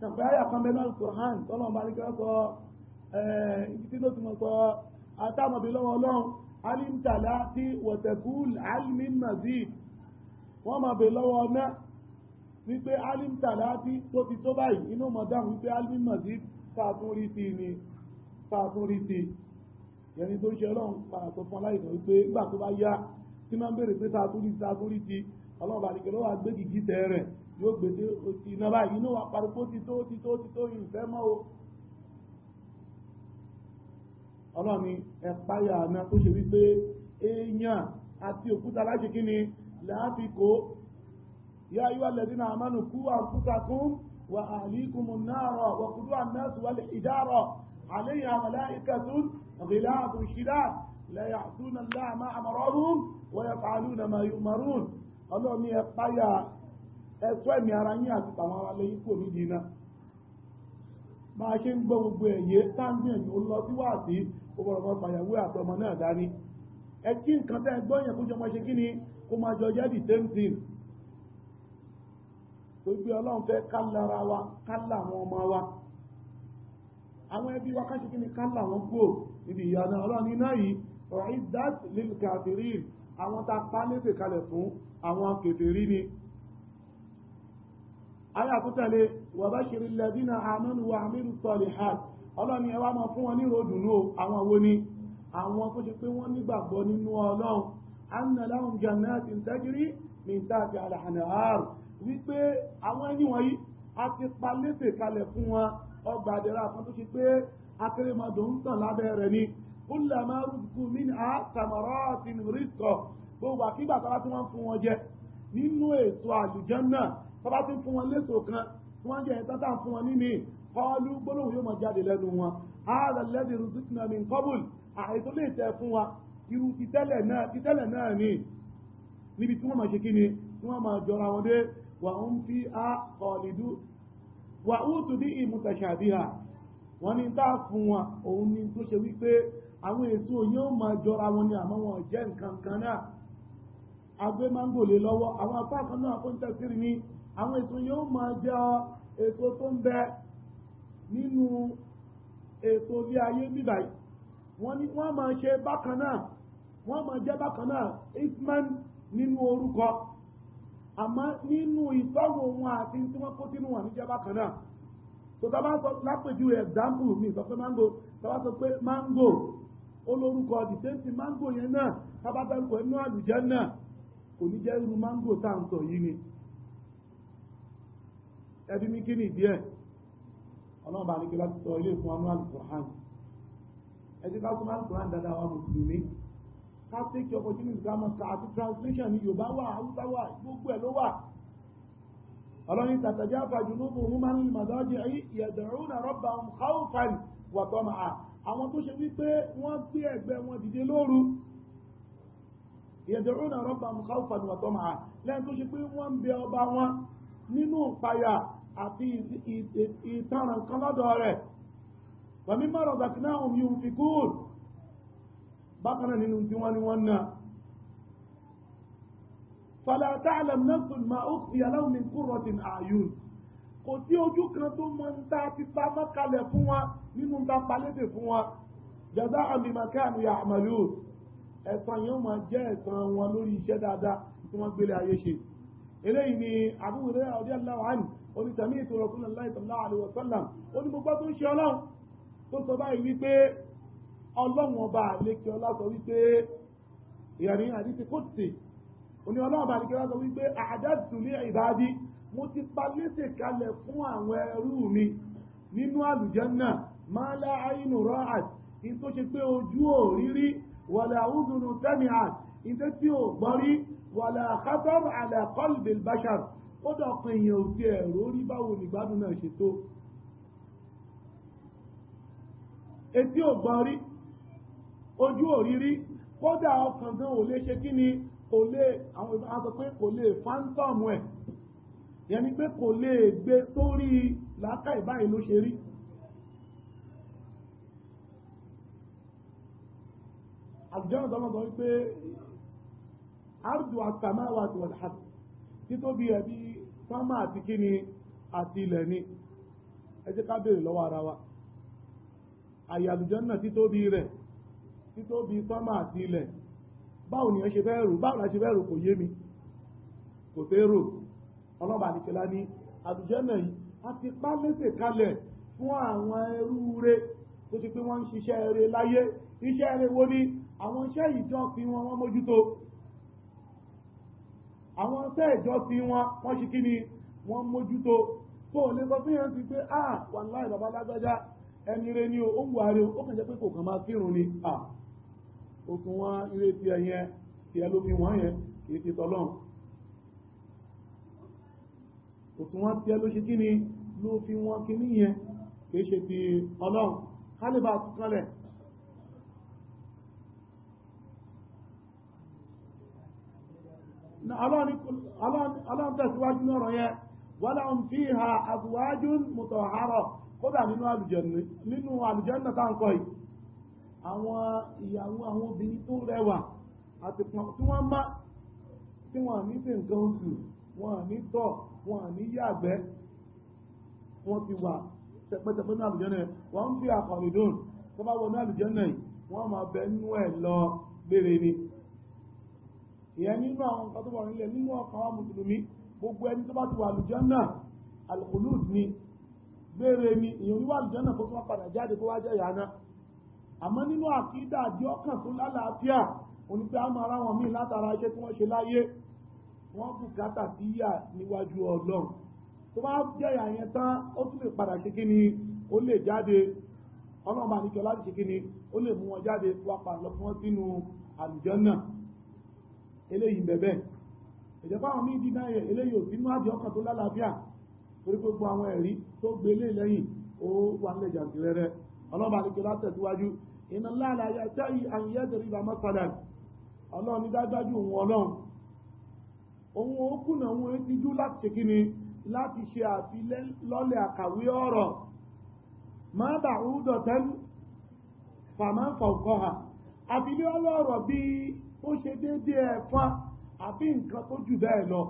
sọ̀pẹ́ àyà kan bẹ́ẹ̀ náà kùrán tọ́lọ́ ọba àdìgbà sọ ibi tí ló ti mọ̀ sọ atámọ̀bí lọ́wọ́ ọlọ́run alimtala ti wọ̀tẹ̀kùl alimin mazid wọ́n máa bè lọ́wọ́ ọ̀nà wípé alimtala ti tó ti tó báyìí inú mọ̀ dáhùn wípé alimin mazid fàtún rí ti ni fàtún rí tó ń ṣe ọlọ́run padà fún aláìsàn wípé nígbà tó bá yá tí máa ń béèrè pé fàtún rí ọlọ́run yóò gbèdé òtí iná báyìí inú àparùkù ti tó ti tó ti tó ìfẹ́ mọ́ o ọlọ́ni ẹ̀páyà àmì tó ṣe wípé èèyàn àti òkúta láti kí ni láàfikò yá yíwá lẹ́dínà àmánù kú àkúta kún wà àlíkùmù náàrọ̀ wàkúdú àmẹ́sù wà ìdárọ̀ àléyìn àmàlá ìkẹtún rìlá àtúnṣídà lẹ́yàtúnà láàmà àmàrọ́rùn wọ́yẹ̀ pàálù nà mà ọlọ́ni ẹ̀páyà ẹ̀tọ́ ẹ̀mí ara yín àti tàwọn ará lẹ́yìn kò nídìí iná máa ṣe ń gbọ́ gbogbo ẹ̀yẹ táǹgbìyànjú ó lọ sí wáàsí ọgbọ̀rọ̀mọ́ fàyàwó àtọmọ náà dání ẹ kí nǹkan tẹ́ gbọ́ yẹn kó jọ máa ṣe kí ni kó máa jọ jẹ́ the same thing tó gbé ọlọ́run fẹ́ ká lára wa ká láwọn ọmọ wa àwọn ẹbí wa káṣe kí ni ká láwọn kú níbi ìyànà ọlọ́run iná yìí ọ̀rọ̀ is that àwọn tá a pa lébè ayé àkútẹ̀lé wa bashiri alladhina amanu wa amilu salihat ọlọ́ni ẹ wá máa fún wọn ní ròdùnú àwọn wo ni àwọn tó ṣe pé wọ́n nígbàgbọ́ nínú ọlọ́run anna lahum jannatin tajri min tahtiha al-anhar wípé àwọn ẹni wọ̀nyí a ti pa létè kalẹ̀ fún wọn ọgbà àdẹ̀rà kan tó ṣe pé akérèmọdò ń tàn lábẹ́ rẹ̀ ni kullama rúdùkú minha tọ́ba ti fún wọn léso kan tí wọ́n jẹ ẹ̀ tátà fún wọn nímì kọ́ọ́lù gbólóhùn yóò máa jáde lẹ́nu wọn ààrẹ lẹ́dí rúzùkúnà min qabul àìtó lè tẹ fún wa irú titẹ́lẹ̀ náà titẹ́lẹ̀ náà ni níbi tí wọ́n máa ṣe kí ni tí wọ́n máa jọra wọn dé wà ń fi á kọ̀ọ̀lìdú wà ó tù bí ìmùtàṣàbíhà wọ́n ní tá fún wọn òun ni tó ṣe wípé àwọn èso yóò máa jọra wọn ni àmọ́ wọn jẹ́ nǹkan kan náà agbé mángòlè lọ́wọ́ àwọn apá kan náà fún tẹ́sírì ní àwọn èso yóò máa jẹ èso tó ń bẹ nínú èso ilé ayé bíbá yìí wọn máa ṣe bákan náà wọn máa jẹ́ bákan náà isman nínú orúkọ àmọ́ nínú ìtọ́wò wọn àti tí wọn kó sínú wọn bákan náà tó bá sọ lápèjúwe mi sọ mango tá sọ pé mango olórúkọ naa mango yẹn náà mango tá à ń ẹbí mi kí ni ìdí ẹ̀ ọlọ́run bá ní kí láti sọ ilé fún anú alukur'an ẹtí ká súnmọ́ alukur'an dáadáa wa mùsùlùmí ká take your opportunity ká mọ̀ ká àti translation ní yorùbá wà haúsá wà gbogbo ẹ̀ ló wà ọlọ́run tàtàjà fàjù lóko òun máa ń lè màdá ọjọ́ yìí yẹ̀dọ̀rún náà rọ́bà ń káwọ́ fàlì wà tọ́mà á àwọn tó ṣe wípé wọ́n gbé ẹgbẹ́ wọn dìde lóru yẹ̀dọ̀rún náà rọ́bà ń káwọ́ fàlì wà tọ́mà á lẹ́yìn tó ṣe pé wọ́n ń bẹ ọba wọn nínú ìpayà àti ìtaràn kan lọ́dọ̀ rẹ̀ wàmí mọ́rọ̀ zàkínà omi òun fi kúrò bákan náà nínú tí wọ́n ní wọ́n náà fàlà ta'lam nafsun ma ukhfiya lahum min qurratin a'yun kò sí ojú kan tó mọ ń ta ti pa mọ́kalẹ̀ fún wa nínú ta palédè fún wa jaza'an bima kanu ya'malun ẹ̀san yóò máa jẹ́ ẹ̀san wọn lórí iṣẹ́ dáadáa tí wọ́n gbélé ayé ṣe eléyìí ni Abu Hurairah radiyallahu anhu oní sami'tu Rasulullahi sallallahu alaihi wasallam oní gbogbo tó ń ṣe ọlọ́run tó sọ báyìí wípé ọlọ́run ọba àlékè ọlá sọ wípé ìrìn àdìsí kò tì oní ọlọ́run ọba àlékè ọlá sọ wípé a'dadtu li ibadi mo ti pa lẹ́sẹ̀ kalẹ̀ ma la aynu ra'at in tó ṣe pé ojú òrírí wala udhunu sami'at in tó ti ò gbọ́n wàlà àkátọ́rù àlà kọ́lùbì bashar ó dọ̀kan èèyàn ò tiẹ̀ rórí báwo nìgbádùn náà ṣe tó etí ò gbọ́n rí ojú ò rí rí kódà ọkàn gan ò lè ṣe kí ni kò lè àwọn ìbára sọ pé kò lè phantom ẹ̀ yẹn pé kò lè gbé sórí làákàyè báyìí ló ṣe rí. àjọ ìdánwò wípé ardu as-samawati wal ard títóbi ẹ̀ bí sánmà àti kíni àti ni ẹ jẹ́ ká béèrè lọ́wọ́ ara wa àyè àlùjánnà títóbi rẹ̀ títóbi sánmà àti ilẹ̀ báwo ni ẹ ṣe fẹ́ rò báwo la ṣe fẹ́ rò kò yé mi kò fẹ́ rò ọlọ́ba àdìkẹ́lá ní àlùjánnà yìí a ti pa lẹ́sẹ̀ kalẹ̀ fún àwọn ẹrú rẹ̀ tó ti pé wọ́n ń ṣiṣẹ́ rẹ̀ láyé iṣẹ́ rẹ̀ wo ni àwọn iṣẹ́ ìjọ fi wọn wọ́n mójútó àwọn iṣẹ́ ìjọsìn wọn wọ́n ṣe kí ni wọ́n mójútó tó lè sọ fún yẹn ti pé à wàláì bàbá lágbájá ẹni rẹ ni ó ń wà rẹ ó kàn jẹ́ pé kò kàn máa kírun ni à òṣùwọ̀n ire tiẹ̀ yẹn tiẹ̀ ló fi wọ́n yẹn kì í ti tọ́lọ́run òṣùwọ̀n tiẹ̀ ló ṣe kí ni ló fi wọ́n kí ní yẹn kì í ṣe ti ọlọ́run kálíbà tún kálẹ̀ ọlọ́run tẹ̀síwájú lọ́rọ̀ yẹn wọ́lá ń fi ha àbúwájú mùtọ̀hárọ̀ kódà nínú àlùjẹ̀nà nínú àlùjẹ̀nà tá ń kọ́ yìí àwọn ìyàwó àwọn obìnrin tó rẹwà àti tí wọ́n má tí wọ́n ní sí nǹkan oṣù wọ́n ní tọ̀ wọ́n ní yàgbẹ́ wọ́n ti wà tẹpẹtẹpẹ ní àlùjẹ̀nà wọ́n ń fi àkọ̀rìdùn tó bá wọ ní àlùjẹ̀nà yìí wọ́n máa bẹ nínú ẹ̀ lọ gbére ni ìyẹn nínú àwọn nǹkan tó wà nílẹ̀ nínú ọkàn wa mùsùlùmí gbogbo ẹni tó bá ti wà àlùjànnà alkhulud ni gbére ni èèyàn oníwà àlùjànnà tó tún wá padà jáde kó wá jẹ́ ìyáná àmọ́ nínú àkídà àdí ọkàn tó lálàáfíà onípe àmọ́ ara wọn míì látara iṣẹ́ tí wọ́n ṣe láyé wọ́n bùkátà sí yà níwájú ọlọ́run tó bá jẹ́ ìyá yẹn tán ó tún lè padà ṣe kí ni ó lè jáde ọlọ́run bá ní kí ọlá ti ṣe kí ni ó lè mú wọn jáde wá padà lọ fún wọn sínú àlùjànnà eléyìí bẹ̀bẹ̀ ìjọba àwọn míì dídá yẹ eléyìí ò sínú ọkàn tó lálàáfíà torí gbogbo àwọn ẹ̀rí tó gbé lé lẹ́yìn ó wà ń lẹ̀jà sí ya ọlọ́ba àlejò látẹ̀síwájú iná láàlàyé àtẹ́yì àyè ẹ̀dẹ̀rì bá mọ́sálà ọlọ́run ní dájúdájú òun ọlọ́run òun ó kùnà òun tijú láti ṣe kíni láti ṣe àfilọ́lẹ̀ àkàwé ọ̀rọ̀ má ha bíi ó ṣe déédéé ẹ̀fọn àbí nǹkan tó jù bẹ́ẹ̀ lọ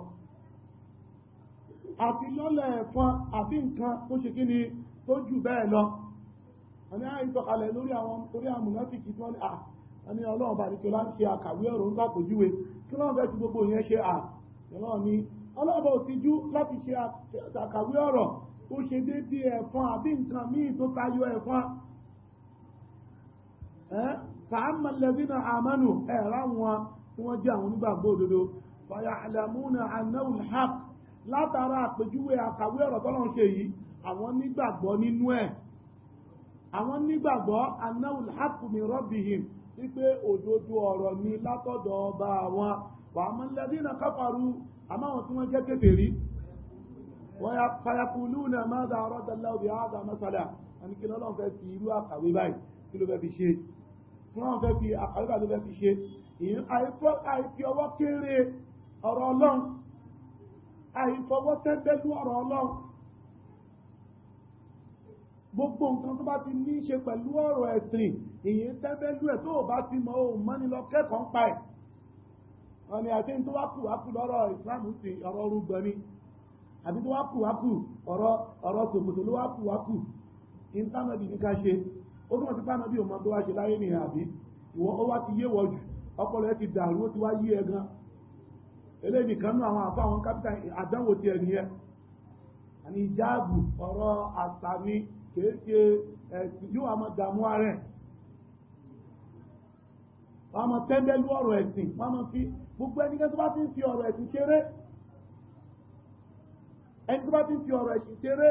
àti lọ́lẹ̀ ẹ̀fọn àbí nǹkan tó ṣe kí ni tó jù bẹ́ẹ̀ lọ àní àìsọ̀kalẹ̀ lórí àwọn orí àmùnáfíkì tí wọ́n ní à àní ọlọ́run bàdìkẹ́ láti ṣe àkàwé ọ̀rọ̀ ń gbàpòjúwe kí wọ́n fẹ́ ti gbogbo ìyẹn ṣe à ọlọ́run ní ọlọ́bọ̀ òtijú láti ṣe àkàwé ọ̀rọ̀ ó ṣe déédéé ẹ̀fọn àbí nǹkan míì tó tayọ ẹ̀fọn fàámà lẹ́bínà àmánù ẹ̀rá wọn tí wọ́n jẹ́ àwọn onígbàgbọ́ òdodo fàyà àlàmúnà anáwó hàk látara àpèjúwe àkàwé ọ̀rọ̀ tọ́lọ́ ń ṣe yìí àwọn nígbàgbọ́ nínú ẹ̀ àwọn nígbàgbọ́ anáwó hàk mi rọ́bìhìm wípé òdodo ọ̀rọ̀ ni látọ̀dọ̀ ọba àwọn fàámà lẹ́bínà káfàrú àmáwọn tí wọ́n jẹ́ kékeré fàyàkùlùnà mádà rọ́dàlá òbí àádà mọ́sálà àníkí fẹ́ fi irú àkàwé báyìí kí ló fẹ́ fi ṣe tí wọ́n fẹ́ fi àkàlùkà tó fẹ́ fi ṣe àìfi ọwọ́ kéré ọ̀rọ̀ ọlọ́run àìfọwọ́ tẹ́gbẹ́lú ọ̀rọ̀ ọlọ́run gbogbo nǹkan tó bá ti ní í ṣe pẹ̀lú ọ̀rọ̀ ẹ̀sìn ìyẹn tẹ́gbẹ́lú ẹ̀ tó bá ti mọ ohun mọ́ni lọ kẹ́kọ̀ọ́ ń pa ẹ̀ ọ̀nà àti tó wá kù wákù lọ́rọ̀ ìsìláàmù ti ọ̀rọ̀ orúgbọ̀n ni àbí tó wá kù wákù ọ̀rọ̀ tòmùtò ló wá kù wákù ìńtánẹ́ẹ̀tì ní ká ṣe ó túnmọ̀ sí pàmò bí òun mọ tó wá ṣe láyé nìyẹn àbí ìwọ ó wá ti yé wọ jù ọpọlọ ẹ ti dàrú ó ti wá yí ẹ gan eléyìí nìkan nú àwọn àfa àwọn kápítà àdánwò tiẹ nìyẹn àní ìjáàbù ọ̀rọ̀ àsàmì kìí ṣe ẹ̀sìn yóò àmọ́ dààmú ara ẹ̀ wọ́n àmọ́ tẹ́ńbẹ́lú ọ̀rọ̀ ẹ̀sìn wọ́n àmọ́ fi gbogbo ẹnikẹ́ni tó bá ti ń fi ọ̀rọ̀ ẹ̀sìn ṣeré ẹni tó bá ti ń fi ọ̀rọ̀ ẹ̀sìn ṣeré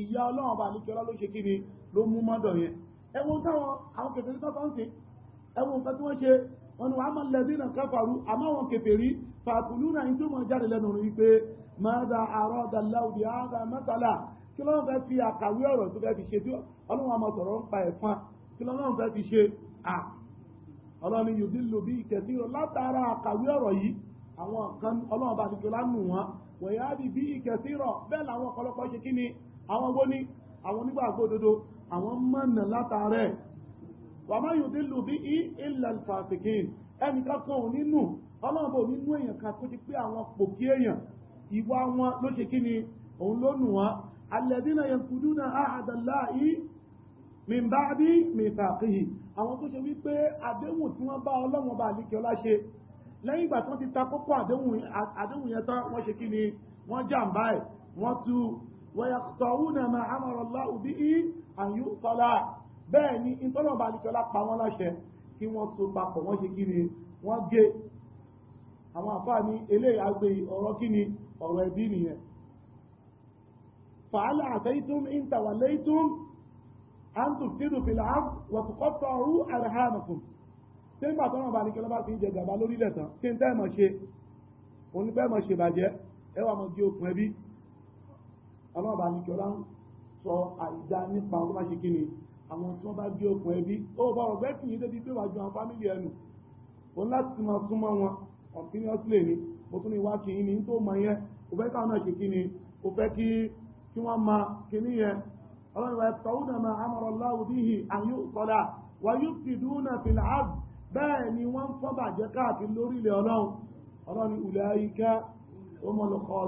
ìyá ọlọ́run bá ní ló ṣe kí ni ló mú mọ́dọ̀ yẹn ẹwọ́n táwọn àwọn kèfèrí tó ń ṣe ẹwọ́n nǹkan tí wọ́n ṣe wọn ni wàá máa lẹ́bí náà káfàrú àmọ́ àwọn kèfèrí fàkùlù náà ní tó mọ̀ jáde lẹ́nu rí pé mada àrọ́ dàláwùdì àádá mẹ́tàlá kí lọ́wọ́n fẹ́ fi àkàwé ọ̀rọ̀ tó fẹ́ fi ṣe tí ọlọ́run àmọ́ sọ̀rọ̀ ń pa ẹ̀fọn kí lọ́wọ́n fẹ́ fi ṣe à ọlọ́run yóò dín lò bí ìkẹ̀sí rẹ̀ látara àkàwé ọ̀rọ̀ yìí àwọn kan ọlọ́run bá ti jọ lánù wọn wọ̀nyá bí bí ìkẹ̀sí rọ̀ bẹ́ẹ̀ làwọn ọ̀pọ̀lọpọ̀ ṣe kí ni àwọn gbóni àwọn onígbàgbọ́ òdodo àwọn mọ̀nà látàrẹ̀ wà má yóò dé lò bí i ilẹ̀ alfàṣìkìn ẹnì kankan ò nínú ọlọ́run bò nínú èèyàn kan tó ti pé àwọn pòkí èèyàn ìwà wọn ló ṣe kí ni òun ló nù wọn alẹ́dínà yẹn kùdú náà àhàdàlá yìí mìmbá bí mìtàkìhì àwọn tó ṣe wípé àdéhùn tí wọ́n bá ọlọ́run bá àlíkẹ́ ọlá ṣe lẹ́yìn ìgbà tí wọ́n ti ta kókó àdéhùn yẹn tán wọ́n ṣe kí ni wọ́n jàǹbá ẹ̀ wọ́n tu wọ́yàtọ̀wù náà máa amọ̀rọ̀ láwùbí àyù sọ́lá bẹ́ẹ̀ ni ìtọ́nà bá ní sọ́lá pa wọ́n láṣẹ kí wọ́n so papọ̀ wọ́n ṣe kí ni wọ́n gé àwọn àfáà ní eléyìí agbe ọ̀rọ̀ kí ni ọ̀rọ̀ ẹbí nìyẹn fàálà àtẹ́yìtún ìntàwàlẹ́yìtún an tufsidu fil ard wa tuqatta'u arhamakum tí ń bà tọ́nà bá ní jẹ gàba lórílẹ̀ tán kí n tẹ́ mọ̀ ṣe onífẹ́ mọ̀ ṣe bàjẹ́ ẹwà mọ̀ di okùn ẹbí ọlọ́ọ̀bá ní ń sọ àìdá nípa ọdún máa ṣe kí ni àwọn tí wọ́n bá bí okùn ẹbí ó bá ọ̀gbẹ́ kì débi pé wàá ju àwọn fámìlì ẹnu ó láti máa súnmọ́ wọn continuously ni mo tún ní máa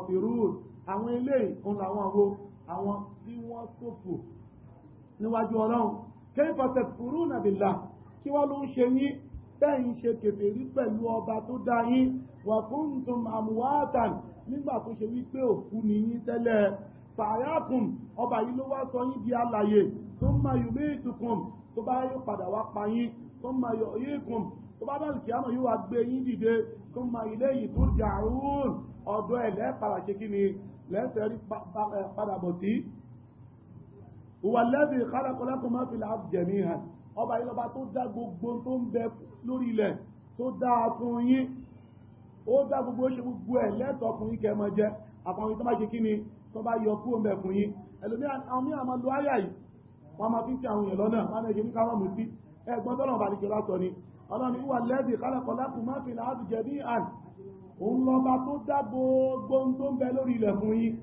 máa amọ̀rọ̀ tí wọ́n ṣòfò níwájú ọlọ́run kayfa takfuruna billah kí wọ́n ló ń ṣe yín bẹ́ẹ̀ ń ṣe kèfèrí pẹ̀lú ọba tó dá yín wa kuntum amwatan nígbà tó ṣe wípé òkú ni yín tẹ́lẹ̀ fàyàkùn ọba yìí ló wá sọ yín di alàyè thumma yumitukum tó bá yóò padà wá pa yín thumma yuhyikum tó bá dàlù kí àmọ̀ yóò wá gbé yín dìde thumma ilayhi turja'un ọ̀dọ̀ ẹ̀ lẹ́ẹ̀ padà ṣe kí ni lẹ́sẹ̀ rí padà bọ̀ sí huwa alladhi khalaqa lakum ma fil ardi jami'an ọba yìí lọ́ba tó dá gbogbo tó ń bẹ lórí ilẹ̀ tó dá fún yín ó dá gbogbo ó ṣe gbogbo ẹ̀ lẹ́tọ̀ọ́ fún yín kẹ́ mọ jẹ àfọwọ́n tó bá ṣe kí ni tó bá yọ kúrò ń bẹ fún yín ẹlòmíràn àwọn mí àmọ́ lu áyà yìí wọ́n máa fi ń ti àwọn èèyàn lọ́nà wọ́n máa ṣe ní káwọn mú sí ẹgbọ́n tọ́lọ̀ bá nìkẹ́ látọ̀ ni ọlọ́ni wà lẹ́bí kálẹ̀kọ̀lákùn máa fi láàbù jẹ́ bí àn òun lọba tó dá gbogbo tó ń bẹ lórí ilẹ̀ fún yín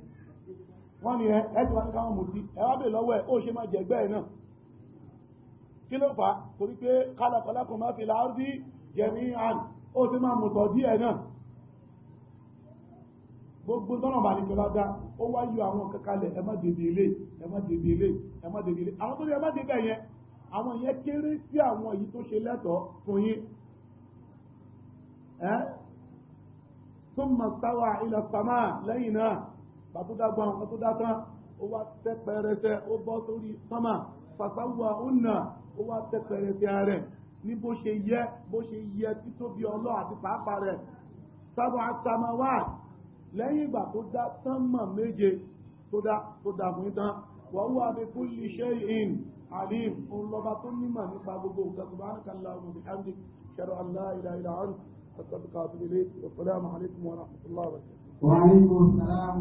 wọ́n ní ẹ ẹ ti wá ní káwọn mutí ẹ wá bè lọ́wọ́ ẹ ó ṣe má jẹ ẹgbẹ́ ẹ náà kí ló fà á torí pé kálàkọ́lá kò má fi láàrúdí jẹ̀mí àn ó ti máa mutọ̀ díẹ̀ náà gbogbo tọ́nà bá ní kí ọlá dá ó wá yọ àwọn kankalẹ̀ ẹ má dèbè ilé ẹ má dèbè ilé ẹ má dèbè ilé àwọn tó ní ẹ má dèbè yẹn àwọn yẹn kéré sí àwọn èyí tó ṣe lẹ́tọ̀ọ́ fún yín ẹ́ tó mọ̀ sáwà ilẹ̀ sàmà lẹ́yìn náà bàtú dágbọn bàtú dágbọn ó wá tẹ́ pẹrẹsẹ ó bọ́ sórí sánmà fàtàwà ó nà ó wá tẹ́ pẹrẹsẹ rẹ̀ ní bó ṣe yẹ bó ṣe yẹ títóbi ọlọ́ àti pàápàá rẹ̀ sábà àtàmáwá lẹ́yìn ìgbà tó dá sánmà méje tó dá tó dá fún ìtàn wọ́n wá bí kulli shay'in alim ọlọ́ba tó nímọ̀ nípa gbogbo nǹkan subhanaka allahumma bihamdik shadu an la ilaha illa anta astaghfiruka wa atubu ilayk wa